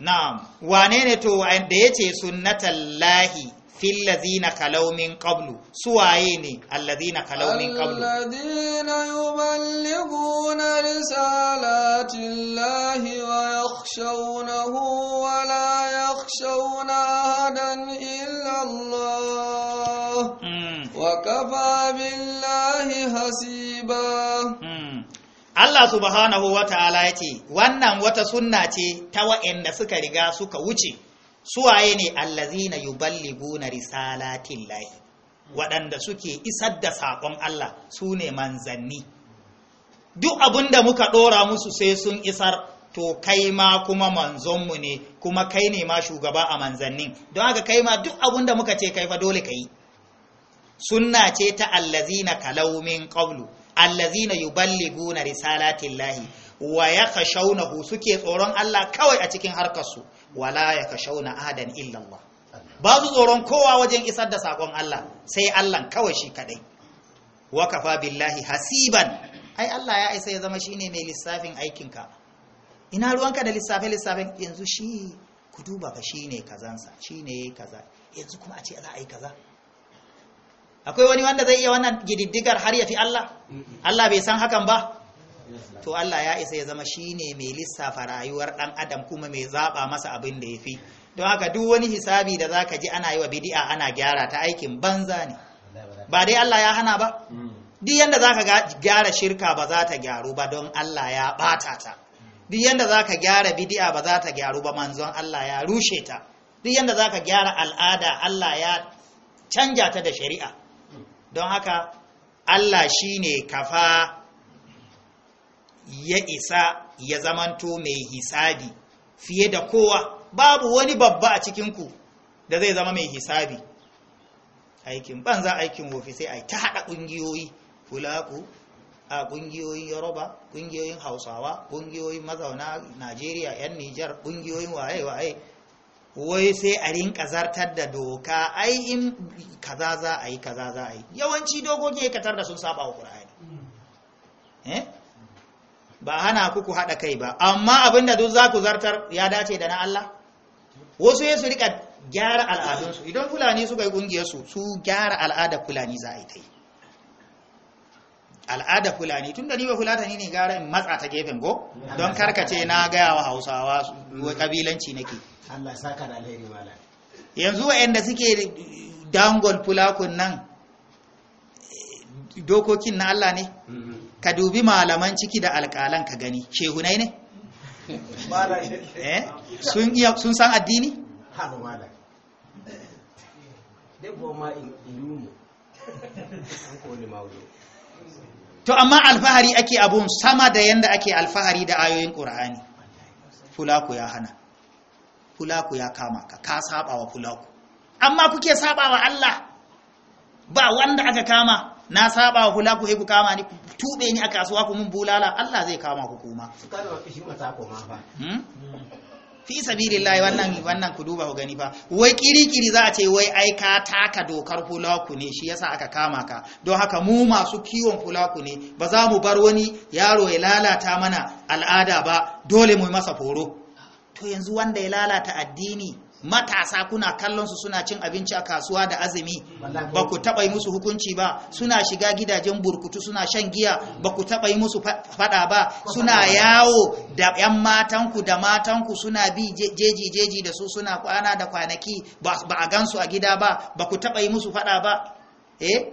na'am wane ne to da yace sunnatullahi lahi fil kalaumin kalau min qablu suwaye ne alladina kalau min qablu alladina yuballighuna risalati llahi wa yakhshawnahu wa la yakhshawna ahadan illa Allah hmm. wa kafa billahi hasiba hmm. Allah subhanahu wa ta'ala ya ce, Wannan wata sunna ce ta wa'yanda suka riga suka wuce, Su waye ne allazina yuballiguna risalatillahi waɗanda suke isar da saƙon Allah su ne manzanni duk abin muka ɗora musu sai sun isar to kai ma kuma manzonmu ne kuma kai ne ma shugaba a manzannin don haka kai ma duk abin muka ce kai fa dole ka yi sunna ce ta allazina kalau min qablu allazina yuballiguna risalatillahi wa yakhshawnahu suke tsoron Allah kawai a cikin harkar su wala ka shauna adan illallah. ba su tsoron kowa wajen isar da sakon Allah sai Allah kawai shi kadai wa kafa billahi hasiban ai Allah ya isa ya zama shine mai lissafin aikinka ina ruwanka da lissafe lissafin yanzu shi ku duba fa ne kazansa ne kaza yanzu kuma a ce za a yi kaza akwai wani wanda zai iya wannan gididdigar har ya fi Allah Allah bai san hakan ba to Allah ya isa ya zama shine mai lissafa rayuwar ɗan adam kuma mai zaɓa masa abin da yafi don haka duk wani hisabi da zaka ji ana yi wa bidi'a ana gyara ta aikin banza ne ba dai Allah ya hana ba duk yanda zaka gyara shirka ba za ta gyaru ba don Allah ya bata ta duk yanda zaka gyara bid'a ba za ta gyaru ba manzon Allah ya rushe ta duk yanda zaka gyara al'ada Allah ya canja ta da shari'a don haka Allah shine kafa ya isa ya zamanto mai hisabi fiye da kowa babu wani babba a cikinku da zai zama mai hisabi aikin banza aikin wofi sai a ta haɗa ƙungiyoyi fulaku a ƙungiyoyin yoruba ƙungiyoyin hausawa ƙungiyoyin mazauna najeriya 'yan nijar ƙungiyoyin waye-waye wai sai a rinka zartar da doka ai in kaza za a yi kaza za a yi yawanci dokoki ya katar da sun saba wa ƙura'ani hmm. eh? ba hana ku ku haɗa kai ba amma abinda duk za ku zartar ya dace da na Allah wasu ya su rika gyara al'adunsu idan fulani suka yi ƙungiyarsu su gyara al'ada fulani za a yi ta yi al'ada fulani tun da ni ba ni ne gara in matsa ta gefen go don karkace na gaya wa hausawa wa kabilanci nake Allah saka da alheri yanzu wa'anda suke dangon fulakun nan dokokin na Allah ne mm-hmm. ka dubi malaman ciki da alƙalan ka gani shehunai ne eh? sun san addini to amma alfahari ake abun sama da yadda ake alfahari da ayoyin ƙur'ani fulaku ya hana fulaku ya kama ka ka saba wa fulaku amma kuke saba wa Allah ba wanda aka kama na saba wa hula ku ku kama ni ku tube ni a kasuwa ku mun bulala Allah zai kama ku kuma hmm? fi sabilillahi wannan wannan ku duba ku gani fa wai kirikiri za a ce wai ai ka taka dokar fulaku ne shi yasa aka kama ka don haka mu masu kiwon fulaku ne ba za mu bar wani yaro ya lalata mana al'ada ba dole mu masa foro to yanzu wanda ya lalata addini matasa kuna kallon su suna cin abinci a kasuwa da azumi ba ku taɓa yi musu hukunci ba suna shiga gidajen burkutu suna shan giya ba ku taɓa yi musu faɗa ba suna yawo da 'yan matanku da matanku suna bi jeji jeji da su suna kwana da kwanaki ba a gansu a gida ba ba ku taɓa yi musu faɗa ba eh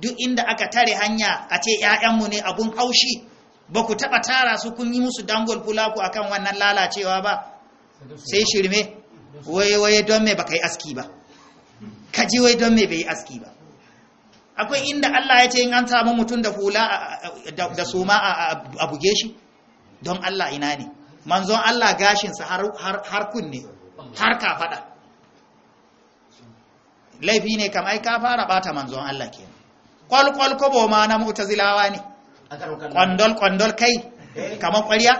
duk inda aka tare hanya a ce 'ya'yanmu ne abun haushi ba ku taɓa tara su kun yi musu dangol fulaku akan wannan lalacewa ba sai shirme wai waye don me baka yi aski ba ka ji wai don me bai yi aski ba akwai inda Allah ya ce in an samu mutum da hula da suma a buge shi don Allah ina ne manzon Allah gashinsa har kunne har ka faɗa laifi ne kam ai ka fara bata manzon Allah kenan kwalkwal kobo ma na mutazilawa ne kwandol kwandol kai kamar ƙwarya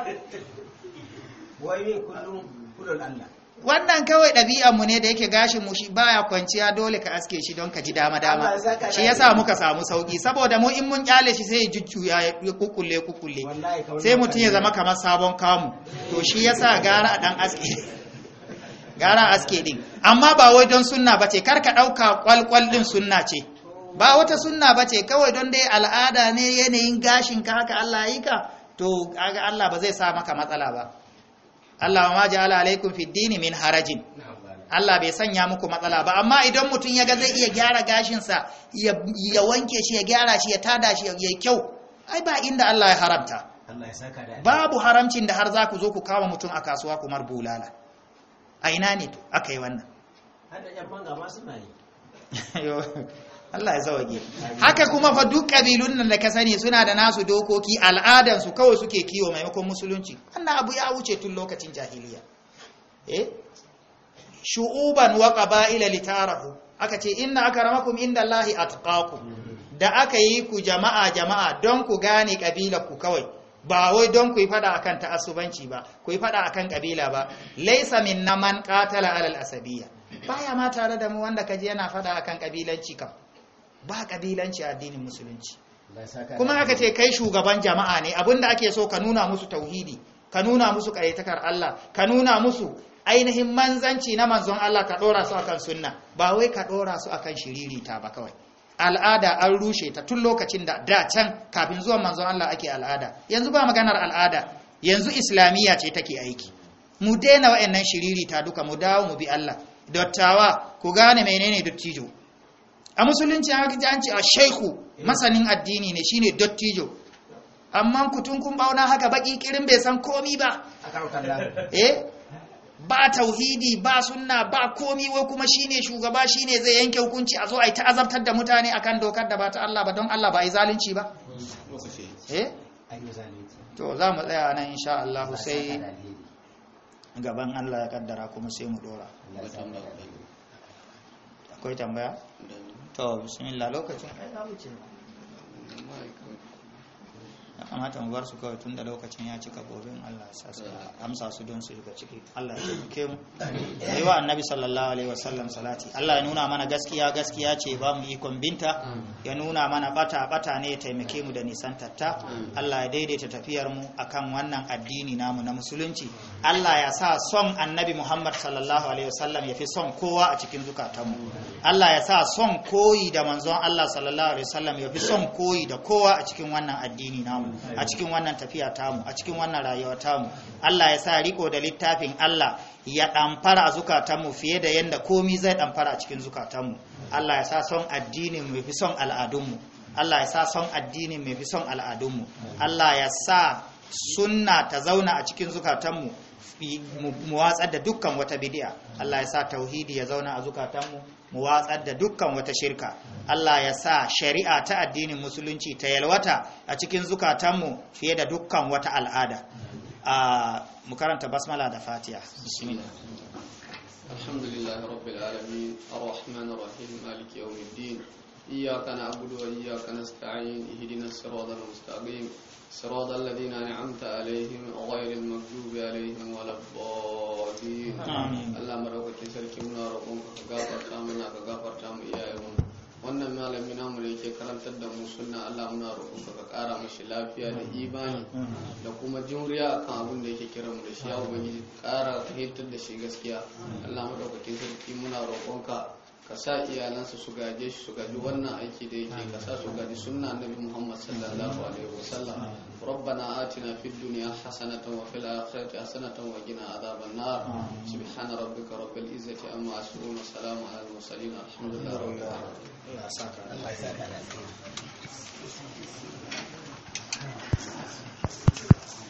wai ne kullum Allah wannan kawai ɗabi'anmu mu ne da yake gashin mu shi baya kwanciya dole ka aske shi don ka ji dama dama shi yasa muka samu sauki saboda mu in mun kyale shi sai jujju ya kukulle kukulle sai mutum ya zama kamar sabon kamu to shi yasa gara a dan aske gara aske din amma ba wai don sunna bace kar ka dauka kwalkwal din sunna ce ba wata sunna bace kawai don dai al'ada ne yanayin gashin ka haka Allah yi ka to Allah ba zai sa maka matsala ba Allah ma ja'ala alaikum fid dini min harajin Allah bai sanya muku matsala ba amma idan mutum ya ga zai iya gyara gashinsa ya wanke shi ya gyara shi ya tada shi ya kyau ai ba inda Allah ya haramta babu haramcin da har za ku zo ku kama mutum a kasuwa kumar bulala a ina ne to aka yi wannan Allah ya sauke haka kuma fa duk kabilun nan da ka sani suna da nasu dokoki al'adan su kawai suke kiwo maimakon musulunci wannan abu ya wuce tun lokacin jahiliya eh shu'uban wa qaba'ila litarahu aka ce inna akramakum indallahi atqakum da aka yi ku jama'a jama'a don ku gane kabila ku kawai ba wai don ku yi fada akan ta'assubanci ba ku yi fada akan kabila ba laysa minna man qatala alal asabiyya baya ma tare da mu wanda kaje yana fada akan kabilanci kam ba kabilanci addinin musulunci kuma aka ce kai shugaban jama'a ne abinda ake so ka nuna musu tauhidi ka nuna musu karyatakar Allah ka nuna musu ainihin manzanci na manzon Allah ka dora su akan sunna ba wai ka dora su akan shiririta ba kawai al'ada an rushe ta tun lokacin da da can kafin zuwan manzon Allah ake al'ada yanzu ba maganar al'ada yanzu islamiyya ce take aiki mu daina wa'annan shiririta duka mu dawo mu bi Allah dottawa ku gane menene dottijo a musulunci an ce a shaiku masanin addini ne shine dottijo amma kutun kun bauna haka baki kirin bai san komi ba eh? ba tauhidi ba sunna ba komi wai kuma shine shugaba shine zai yanke hukunci a zo a yi ta azabtar da mutane akan dokar da ba ta Allah ba don Allah ba yi zalunci ba eh to za mu tsaya nan insha Allah sai gaban Allah ya kaddara kuma sai mu dora akwai tambaya to bismillah lokacin ai na wuce ya kamata mu bar su kawai tun da lokacin ya cika gobe Allah ya sa amsa su don su shiga ciki Allah ya taimake mu sai wa annabi sallallahu alaihi wasallam salati Allah ya nuna mana gaskiya gaskiya ce ba mu ikon binta ya nuna mana bata bata ne ya taimake mu da nisan tatta Allah ya daidaita tafiyar mu akan wannan addini namu na musulunci Allah ya sa son annabi Muhammad sallallahu alaihi wasallam ya fi son kowa a cikin zukatanmu Allah ya sa son koyi da manzon Allah sallallahu alaihi wasallam ya fi son koyi da kowa a cikin wannan addini namu a cikin wannan tafiya tamu a cikin wannan rayuwa tamu Allah ya sa riko da littafin Allah ya ɗamfara a zukatanmu fiye da yadda komi zai ɗamfara a cikin zukatanmu Allah ya sa son addinin mu fi son al'adunmu Allah ya sa son addinin mu fi son al'adunmu Allah ya sa sunna ta zauna a cikin zukatanmu mu watsar da dukkan wata bidiya Allah ya sa tauhidi ya zauna a zukatanmu mu watsar da dukkan wata shirka Allah ya sa shari'a ta addinin musulunci ta yalwata a cikin zukatanmu fiye da dukkan wata al'ada a mu basmala da fatiya bismillah alhamdulillahi rabbil alamin arrahmanir rahim maliki yawmiddin iyyaka na'budu wa iyyaka nasta'in ihdinas siratal mustaqim صراط الذين أنعمت عليهم غير المغضوب عليهم ولا الضالين الله مدaukakin sarki muna roƙon ka gafarta mana ka gafarta mu wannan malami namu yake karantar da mu sunna Allah muna roƙon ka ƙara mishi lafiya da imani da kuma juriya akan abin da yake kira mu da shi ya ubangiji ƙara fahimtar da shi gaskiya Allah madaukakin sarki muna roƙon ka ka sa iyalansa su gaje shi su gaji wannan aiki da yake ka sa su gaji suna nabi muhammad sallallahu alaihi wasallam rabbana na fid duniya hasanatan wa fil akhirati hasanatan wa gina adhaban nar subhana rabbika rabbil izzati amma yasifun wa salamun ala al mursalin alhamdulillah rabbil alamin Thank you.